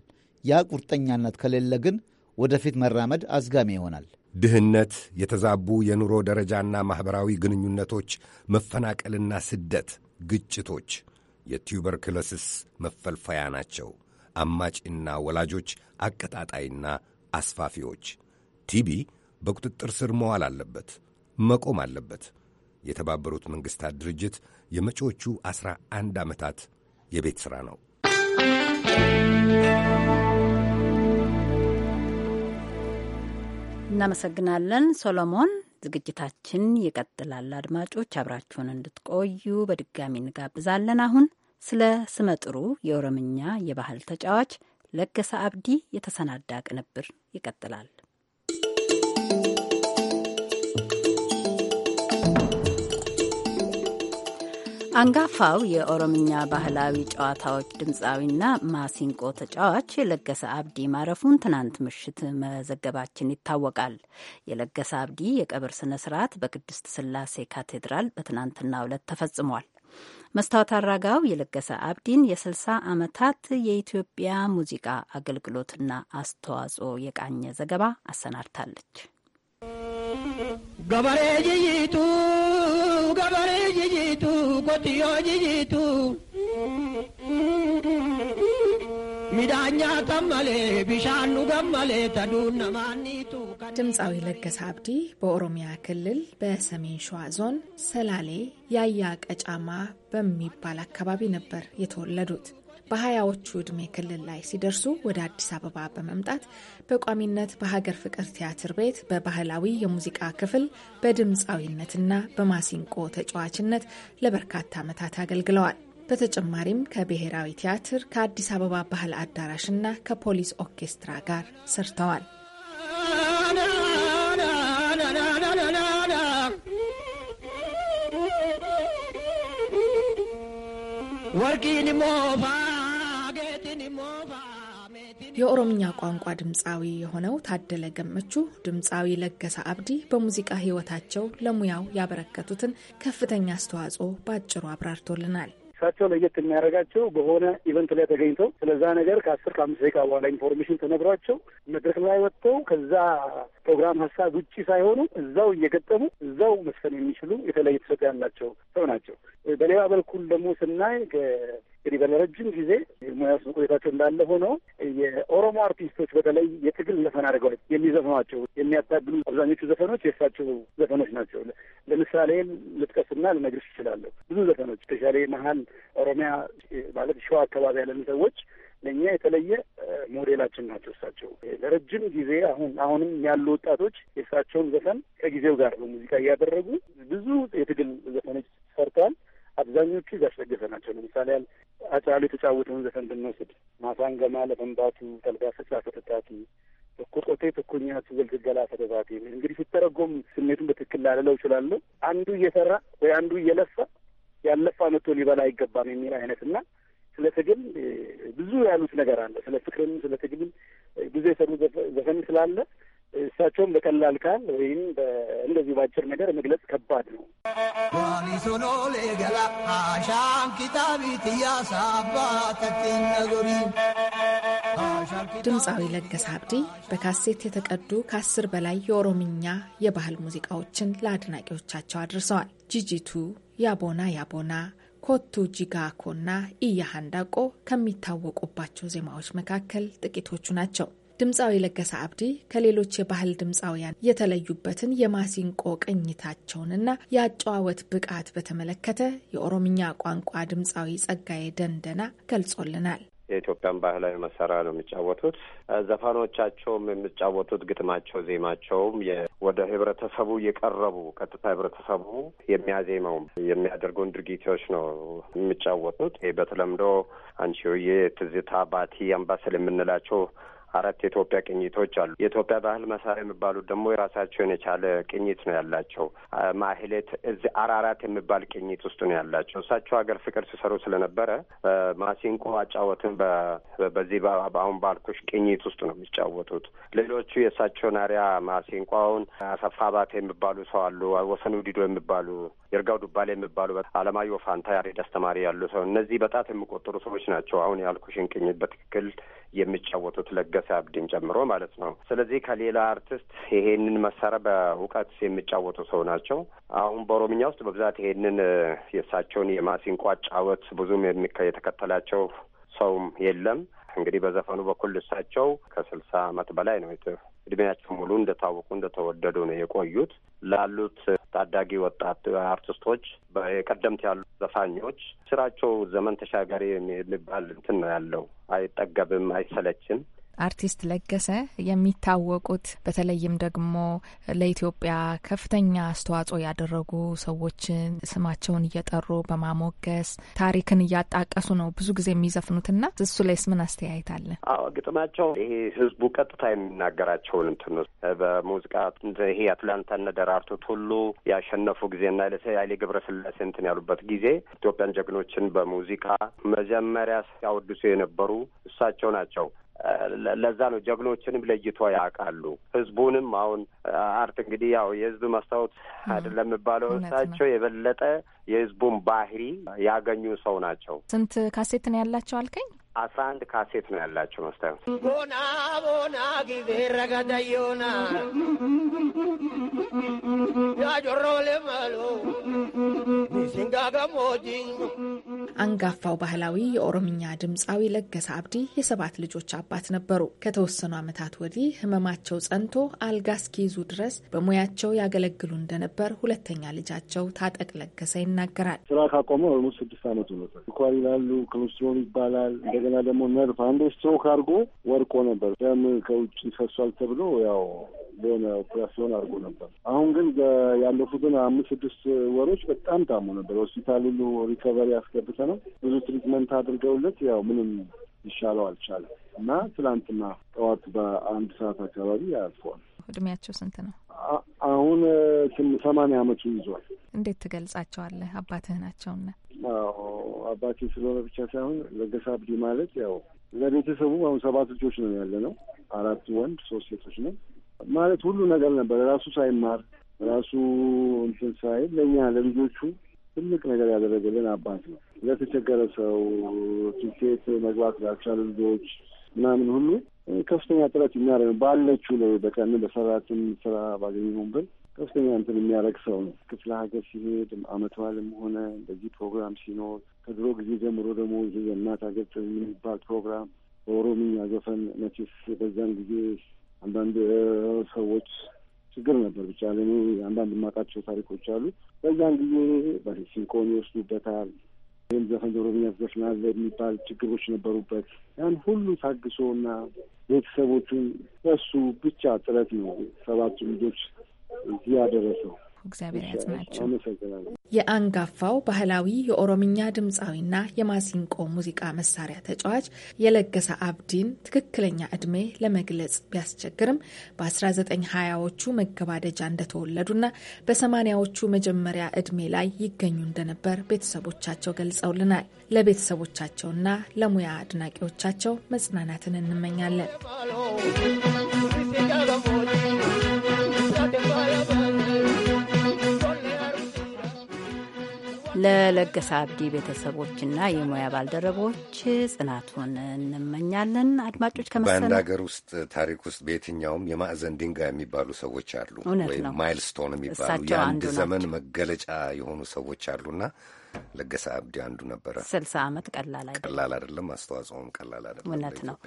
ያ ቁርጠኛነት ከሌለ ግን ወደፊት መራመድ አዝጋሚ ይሆናል። ድህነት፣ የተዛቡ የኑሮ ደረጃና ማኅበራዊ ግንኙነቶች፣ መፈናቀልና ስደት፣ ግጭቶች የቱበርክሎስስ መፈልፈያ ናቸው። አማጭና ወላጆች አቀጣጣይና አስፋፊዎች። ቲቢ በቁጥጥር ስር መዋል አለበት፣ መቆም አለበት። የተባበሩት መንግሥታት ድርጅት የመጪዎቹ ዐሥራ አንድ ዓመታት የቤት ሥራ ነው። እናመሰግናለን ሶሎሞን። ዝግጅታችን ይቀጥላል። አድማጮች አብራችሁን እንድትቆዩ በድጋሚ እንጋብዛለን። አሁን ስለ ስመጥሩ የኦሮምኛ የባህል ተጫዋች ለገሰ አብዲ የተሰናዳ ቅንብር ይቀጥላል። አንጋፋው የኦሮምኛ ባህላዊ ጨዋታዎች ድምፃዊና ማሲንቆ ተጫዋች የለገሰ አብዲ ማረፉን ትናንት ምሽት መዘገባችን ይታወቃል። የለገሰ አብዲ የቀብር ስነ ስርዓት በቅድስት ስላሴ ካቴድራል በትናንትናው ዕለት ተፈጽሟል። መስታወት አራጋው የለገሰ አብዲን የ60 ዓመታት የኢትዮጵያ ሙዚቃ አገልግሎትና አስተዋጽኦ የቃኘ ዘገባ አሰናድታለች። ገበሬ ጅይቱ ገበሬ ጅይቱ ቆትዮ ጅይቱ ሚዳኛ ተመሌ ቢሻኑ ገመሌ ተዱነ ማኒቱ ድምፃዊ ለገሰ አብዲ በኦሮሚያ ክልል በሰሜን ሸዋ ዞን ሰላሌ ያያ ቀጫማ በሚባል አካባቢ ነበር የተወለዱት። በሀያዎቹ ዕድሜ ክልል ላይ ሲደርሱ ወደ አዲስ አበባ በመምጣት በቋሚነት በሀገር ፍቅር ቲያትር ቤት በባህላዊ የሙዚቃ ክፍል በድምፃዊነትና በማሲንቆ ተጫዋችነት ለበርካታ ዓመታት አገልግለዋል። በተጨማሪም ከብሔራዊ ቲያትር ከአዲስ አበባ ባህል አዳራሽና ከፖሊስ ኦርኬስትራ ጋር ሰርተዋል። working in የኦሮምኛ ቋንቋ ድምፃዊ የሆነው ታደለ ገመቹ፣ ድምፃዊ ለገሰ አብዲ በሙዚቃ ህይወታቸው ለሙያው ያበረከቱትን ከፍተኛ አስተዋጽኦ በአጭሩ አብራርቶልናል። እሳቸው ለየት የሚያደርጋቸው በሆነ ኢቨንት ላይ ተገኝተው ስለዛ ነገር ከአስር ከአምስት ደቂቃ በኋላ ኢንፎርሜሽን ተነግሯቸው መድረክ ላይ ወጥተው ከዛ ፕሮግራም ሀሳብ ውጭ ሳይሆኑ እዛው እየገጠሙ እዛው መስፈን የሚችሉ የተለየ ተሰጥኦ ያላቸው ሰው ናቸው። በሌላ በኩል ደግሞ ስናይ እንግዲህ በለረጅም ጊዜ ሙያ ውስጥ መቆየታቸው እንዳለ ሆኖ የኦሮሞ አርቲስቶች በተለይ የትግል ዘፈን አድርገዋል የሚዘፍኗቸው የሚያታግሉ አብዛኞቹ ዘፈኖች የእሳቸው ዘፈኖች ናቸው። ለምሳሌ ልጥቀስና ልነግርሽ ይችላለሁ። ብዙ ዘፈኖች ስፔሻሊ መሀል ኦሮሚያ ማለት ሸዋ አካባቢ ያለን ሰዎች ለእኛ የተለየ ሞዴላችን ናቸው እሳቸው። ለረጅም ጊዜ አሁን አሁንም ያሉ ወጣቶች የእሳቸውን ዘፈን ከጊዜው ጋር በሙዚቃ እያደረጉ ብዙ የትግል ዘፈኖች ሰርተዋል። አብዛኞቹ እያስደገፈ ናቸው። ለምሳሌ ያል አጫሉ የተጫወተውን ዘፈን ብንወስድ ማሳንገማ ለመንባቱ ጠልጋ ፍጻ ከተታቱ ኮቆቴ ትኩኛ ስዘልዝገላ ተደባቴ እንግዲህ ሲተረጎም ስሜቱን በትክክል ላልለው እችላለሁ። አንዱ እየሰራ ወይ አንዱ እየለፋ ያለፋ መቶ ሊበላ አይገባም የሚል አይነት እና ስለ ትግል ብዙ ያሉት ነገር አለ። ስለ ፍቅርም ስለ ትግልም ብዙ የሰሩ ዘፈን ስላለ እሳቸውም በቀላል ቃል ወይም እንደዚህ ባጭር ነገር መግለጽ ከባድ ነው። ድምፃዊ ለገሰ አብዲ በካሴት የተቀዱ ከአስር በላይ የኦሮምኛ የባህል ሙዚቃዎችን ለአድናቂዎቻቸው አድርሰዋል። ጂጂቱ፣ ያቦና ያቦና ኮቱ ጂጋኮና ኢያሃንዳቆ ከሚታወቁባቸው ዜማዎች መካከል ጥቂቶቹ ናቸው። ድምፃዊ ለገሰ አብዲ ከሌሎች የባህል ድምፃውያን የተለዩበትን የማሲንቆ ቅኝታቸውንና የአጨዋወት ብቃት በተመለከተ የኦሮምኛ ቋንቋ ድምፃዊ ጸጋዬ ደንደና ገልጾልናል። የኢትዮጵያን ባህላዊ መሳሪያ ነው የሚጫወቱት። ዘፋኖቻቸውም የሚጫወቱት ግጥማቸው፣ ዜማቸውም ወደ ህብረተሰቡ የቀረቡ ቀጥታ ህብረተሰቡ የሚያዜመውም የሚያደርጉን ድርጊቶች ነው የሚጫወቱት። በተለምዶ አንቺሆዬ፣ ትዝታ፣ ባቲ፣ አምባሰል የምንላቸው አራት የኢትዮጵያ ቅኝቶች አሉ። የኢትዮጵያ ባህል መሳሪያ የሚባሉት ደግሞ የራሳቸውን የቻለ ቅኝት ነው ያላቸው። ማህሌት እዚ አራራት የሚባል ቅኝት ውስጥ ነው ያላቸው። እሳቸው ሀገር ፍቅር ሲሰሩ ስለነበረ ማሲንቆ አጫወትን በዚህ በአሁን ባልኩሽ ቅኝት ውስጥ ነው የሚጫወቱት። ሌሎቹ የእሳቸውን አሪያ ማሲንቋውን አሰፋ የሚባሉ ሰው አሉ። ወሰን ውዲዶ የሚባሉ ይርጋው ዱባሌ የሚባሉ አለማየሁ ፋንታ ያሬድ አስተማሪ ያሉ ሰው እነዚህ በጣት የሚቆጠሩ ሰዎች ናቸው። አሁን ያልኩሽን ቅኝት በትክክል የሚጫወቱት ለገሰ አብድን ጨምሮ ማለት ነው። ስለዚህ ከሌላ አርቲስት ይሄንን መሳሪያ በእውቀት የሚጫወቱ ሰው ናቸው። አሁን በኦሮምኛ ውስጥ በብዛት ይሄንን የእሳቸውን የማሲንቋ ጫወት ብዙም የተከተላቸው ሰውም የለም። እንግዲህ በዘፈኑ በኩል እሳቸው ከስልሳ አመት በላይ ነው እድሜያቸው ሙሉ እንደታወቁ እንደተወደዱ ነው የቆዩት። ላሉት ታዳጊ ወጣት አርቲስቶች የቀደምት ያሉ ዘፋኞች ስራቸው ዘመን ተሻጋሪ የሚባል እንትን ነው ያለው። አይጠገብም፣ አይሰለችም። አርቲስት ለገሰ የሚታወቁት በተለይም ደግሞ ለኢትዮጵያ ከፍተኛ አስተዋጽኦ ያደረጉ ሰዎችን ስማቸውን እየጠሩ በማሞገስ ታሪክን እያጣቀሱ ነው ብዙ ጊዜ የሚዘፍኑትና እሱ ላይስ ምን አስተያየት አለ? አዎ ግጥማቸው ይሄ ህዝቡ ቀጥታ የሚናገራቸውን እንትን በሙዚቃ ይሄ አትላንታና ደራርቱ ቱሉ ያሸነፉ ጊዜና ኃይሌ ገብረስላሴ እንትን ያሉበት ጊዜ ኢትዮጵያን ጀግኖችን በሙዚቃ መጀመሪያ ሲያወድሱ የነበሩ እሳቸው ናቸው። ለዛ ነው ጀግኖችንም ለይቶ ያውቃሉ። ህዝቡንም አሁን አርት እንግዲህ ያው የህዝብ መስታወት አይደለም የሚባለው እሳቸው የበለጠ የህዝቡን ባህሪ ያገኙ ሰው ናቸው። ስንት ካሴት ነው ያላቸው አልከኝ? አስራ አንድ ካሴት ነው ያላቸው መስታዩ ቦና ቦና ጊዜ ረጋዳዮና ያጆሮ ለማሎ ሲንጋጋሞጂ አንጋፋው ባህላዊ የኦሮምኛ ድምፃዊ ለገሰ አብዲ የሰባት ልጆች አባት ነበሩ። ከተወሰኑ ዓመታት ወዲህ ህመማቸው ጸንቶ አልጋ እስኪይዙ ድረስ በሙያቸው ያገለግሉ እንደነበር ሁለተኛ ልጃቸው ታጠቅ ለገሰ ይናገራል። ስራ ካቆመ ኦልሞስት ስድስት አመቱ ነበር። ኳሪ ላሉ ክሎስትሮን ይባላል እንደገና ደግሞ ነርቭ አንዴ ስትሮክ አድርጎ ወርቆ ነበር። ደም ከውጭ ይፈሷል ተብሎ ያው የሆነ ኦፕራሲዮን አድርጎ ነበር። አሁን ግን ያለፉትን አምስት ስድስት ወሮች በጣም ታሞ ነበር። ሆስፒታል ሁሉ ሪከቨሪ ያስገብተ ነው ብዙ ትሪትመንት አድርገውለት ያው ምንም ሊሻለው አልቻለም እና ትላንትና ጠዋት በአንድ ሰዓት አካባቢ ያልፈዋል። እድሜያቸው ስንት ነው? አሁን ሰማንያ አመቱ ይዟል። እንዴት ትገልጻቸዋለህ? አባትህ ናቸውና። አባቴ ስለሆነ ብቻ ሳይሆን ለገሳ አብዲ ማለት ያው ለቤተሰቡ አሁን ሰባት ልጆች ነው ያለ ነው። አራት ወንድ ሶስት ሴቶች ነው ማለት ሁሉ ነገር ነበር። ራሱ ሳይማር ራሱ እንትን ሳይል ለእኛ ለልጆቹ ትልቅ ነገር ያደረገልን አባት ነው። ለተቸገረ ሰው ትኬት መግባት ላልቻሉ ልጆች ምናምን ሁሉ ከፍተኛ ጥረት የሚያደርግ ባለችው ላይ በቀን በሰራትን ስራ ባገኘ ወንበር ከፍተኛ እንትን የሚያደርግ ሰው ነው። ክፍለ ሀገር ሲሄድ አመት በዓልም ሆነ እንደዚህ ፕሮግራም ሲኖር ከድሮ ጊዜ ጀምሮ ደግሞ ይሄ የእናት ሀገር የሚባል ፕሮግራም በኦሮምኛ ዘፈን መቼስ በዛን ጊዜ አንዳንድ ሰዎች ችግር ነበር። ብቻ ለእኔ አንዳንድ የማውቃቸው ታሪኮች አሉ። በዛን ጊዜ በሲንኮን ይወስዱበታል። ወይም ዘፈን ኦሮምኛ ዘፈን የሚባል ችግሮች ነበሩበት። ያን ሁሉ ታግሶ እና ቤተሰቦቹን በሱ ብቻ ጥረት ነው ሰባቱ ልጆች እዚህ ያደረሰው። እግዚአብሔር ያጽናቸው። የአንጋፋው ባህላዊ የኦሮምኛ ድምፃዊና የማሲንቆ ሙዚቃ መሳሪያ ተጫዋች የለገሰ አብዲን ትክክለኛ ዕድሜ ለመግለጽ ቢያስቸግርም በ1920ዎቹ መገባደጃ እንደተወለዱና በሰማኒያዎቹ መጀመሪያ ዕድሜ ላይ ይገኙ እንደነበር ቤተሰቦቻቸው ገልጸውልናል። ለቤተሰቦቻቸውና ለሙያ አድናቂዎቻቸው መጽናናትን እንመኛለን። ለለገሰ አብዲ ቤተሰቦችና የሙያ ባልደረቦች ጽናቱን እንመኛለን። አድማጮች በአንድ ሀገር ውስጥ ታሪክ ውስጥ በየትኛውም የማዕዘን ድንጋይ የሚባሉ ሰዎች አሉ፣ ወይም ማይልስቶን የሚባሉ የአንድ ዘመን መገለጫ የሆኑ ሰዎች አሉና ለገሰ አብዲ አንዱ ነበረ። ስልሳ ዓመት ቀላል አይደለም፣ ቀላል አይደለም፣ አስተዋጽኦም ቀላል አይደለም። እውነት ነው።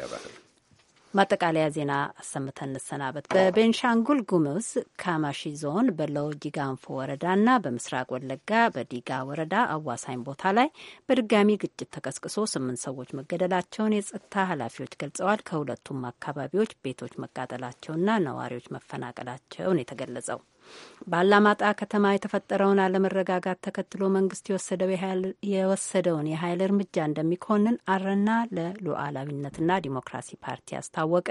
ማጠቃለያ ዜና አሰምተን እንሰናበት። በቤንሻንጉል ጉምዝ ካማሺ ዞን በለኦጂጋንፎ ወረዳና በምስራቅ ወለጋ በዲጋ ወረዳ አዋሳኝ ቦታ ላይ በድጋሚ ግጭት ተቀስቅሶ ስምንት ሰዎች መገደላቸውን የጸጥታ ኃላፊዎች ገልጸዋል። ከሁለቱም አካባቢዎች ቤቶች መቃጠላቸውና ነዋሪዎች መፈናቀላቸውን የተገለጸው በአላማጣ ከተማ የተፈጠረውን አለመረጋጋት ተከትሎ መንግስት የወሰደውን የኃይል እርምጃ እንደሚኮንን አረና ለሉዓላዊነትና ዲሞክራሲ ፓርቲ አስታወቀ።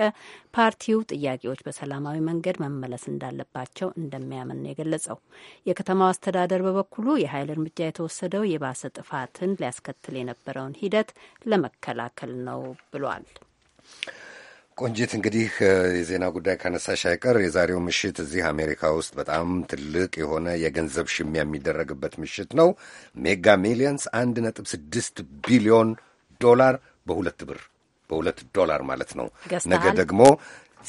ፓርቲው ጥያቄዎች በሰላማዊ መንገድ መመለስ እንዳለባቸው እንደሚያምን ነው የገለጸው። የከተማው አስተዳደር በበኩሉ የኃይል እርምጃ የተወሰደው የባሰ ጥፋትን ሊያስከትል የነበረውን ሂደት ለመከላከል ነው ብሏል። ቆንጂት እንግዲህ የዜና ጉዳይ ካነሳሽ አይቀር የዛሬው ምሽት እዚህ አሜሪካ ውስጥ በጣም ትልቅ የሆነ የገንዘብ ሽሚያ የሚደረግበት ምሽት ነው። ሜጋ ሚሊየንስ አንድ ነጥብ ስድስት ቢሊዮን ዶላር በሁለት ብር በሁለት ዶላር ማለት ነው። ነገ ደግሞ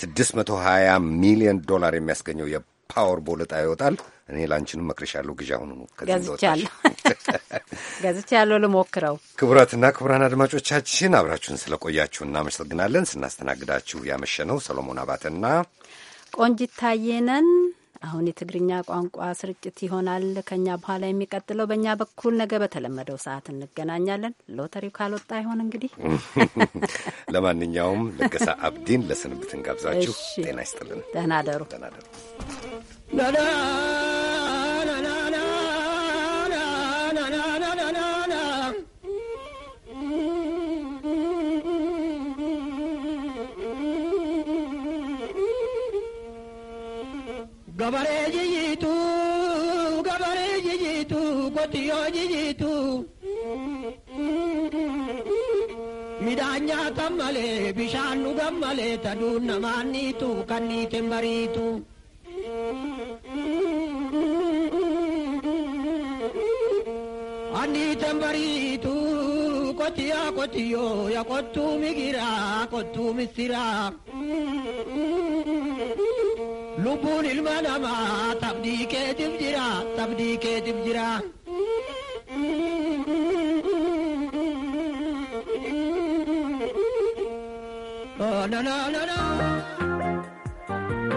ስድስት መቶ ሀያ ሚሊዮን ዶላር የሚያስገኘው ፓወር ቦለጣ ይወጣል። እኔ ላንቺንም መክርሻለሁ። ግዢ አሁኑ ጋዝቻለሁ ጋዝቻለሁ ልሞክረው። ክቡራትና ክቡራን አድማጮቻችን አብራችሁን ስለቆያችሁ እናመሰግናለን። ስናስተናግዳችሁ ያመሸነው ሰሎሞን አባተና ቆንጂት ታዬ አሁን የትግርኛ ቋንቋ ስርጭት ይሆናል ከኛ በኋላ የሚቀጥለው። በእኛ በኩል ነገ በተለመደው ሰዓት እንገናኛለን። ሎተሪው ካልወጣ ይሆን እንግዲህ። ለማንኛውም ለገሳ አብዲን ለስንብት እንጋብዛችሁ። ጤና ይስጥልን። ደህና ደሩ። gabare jiji tu gabare jiji tu kotiyo Midanya tu midhaan nyaatan malee bishaan dhugan malee taduu namaanniitu kanniite mbariitu. Kanniite mbariitu kotiyaa kotiyoo yaa kottuu migiraa misira. lubbuun ilma namaa tabdii keetiif jira tabdii keetiif jira.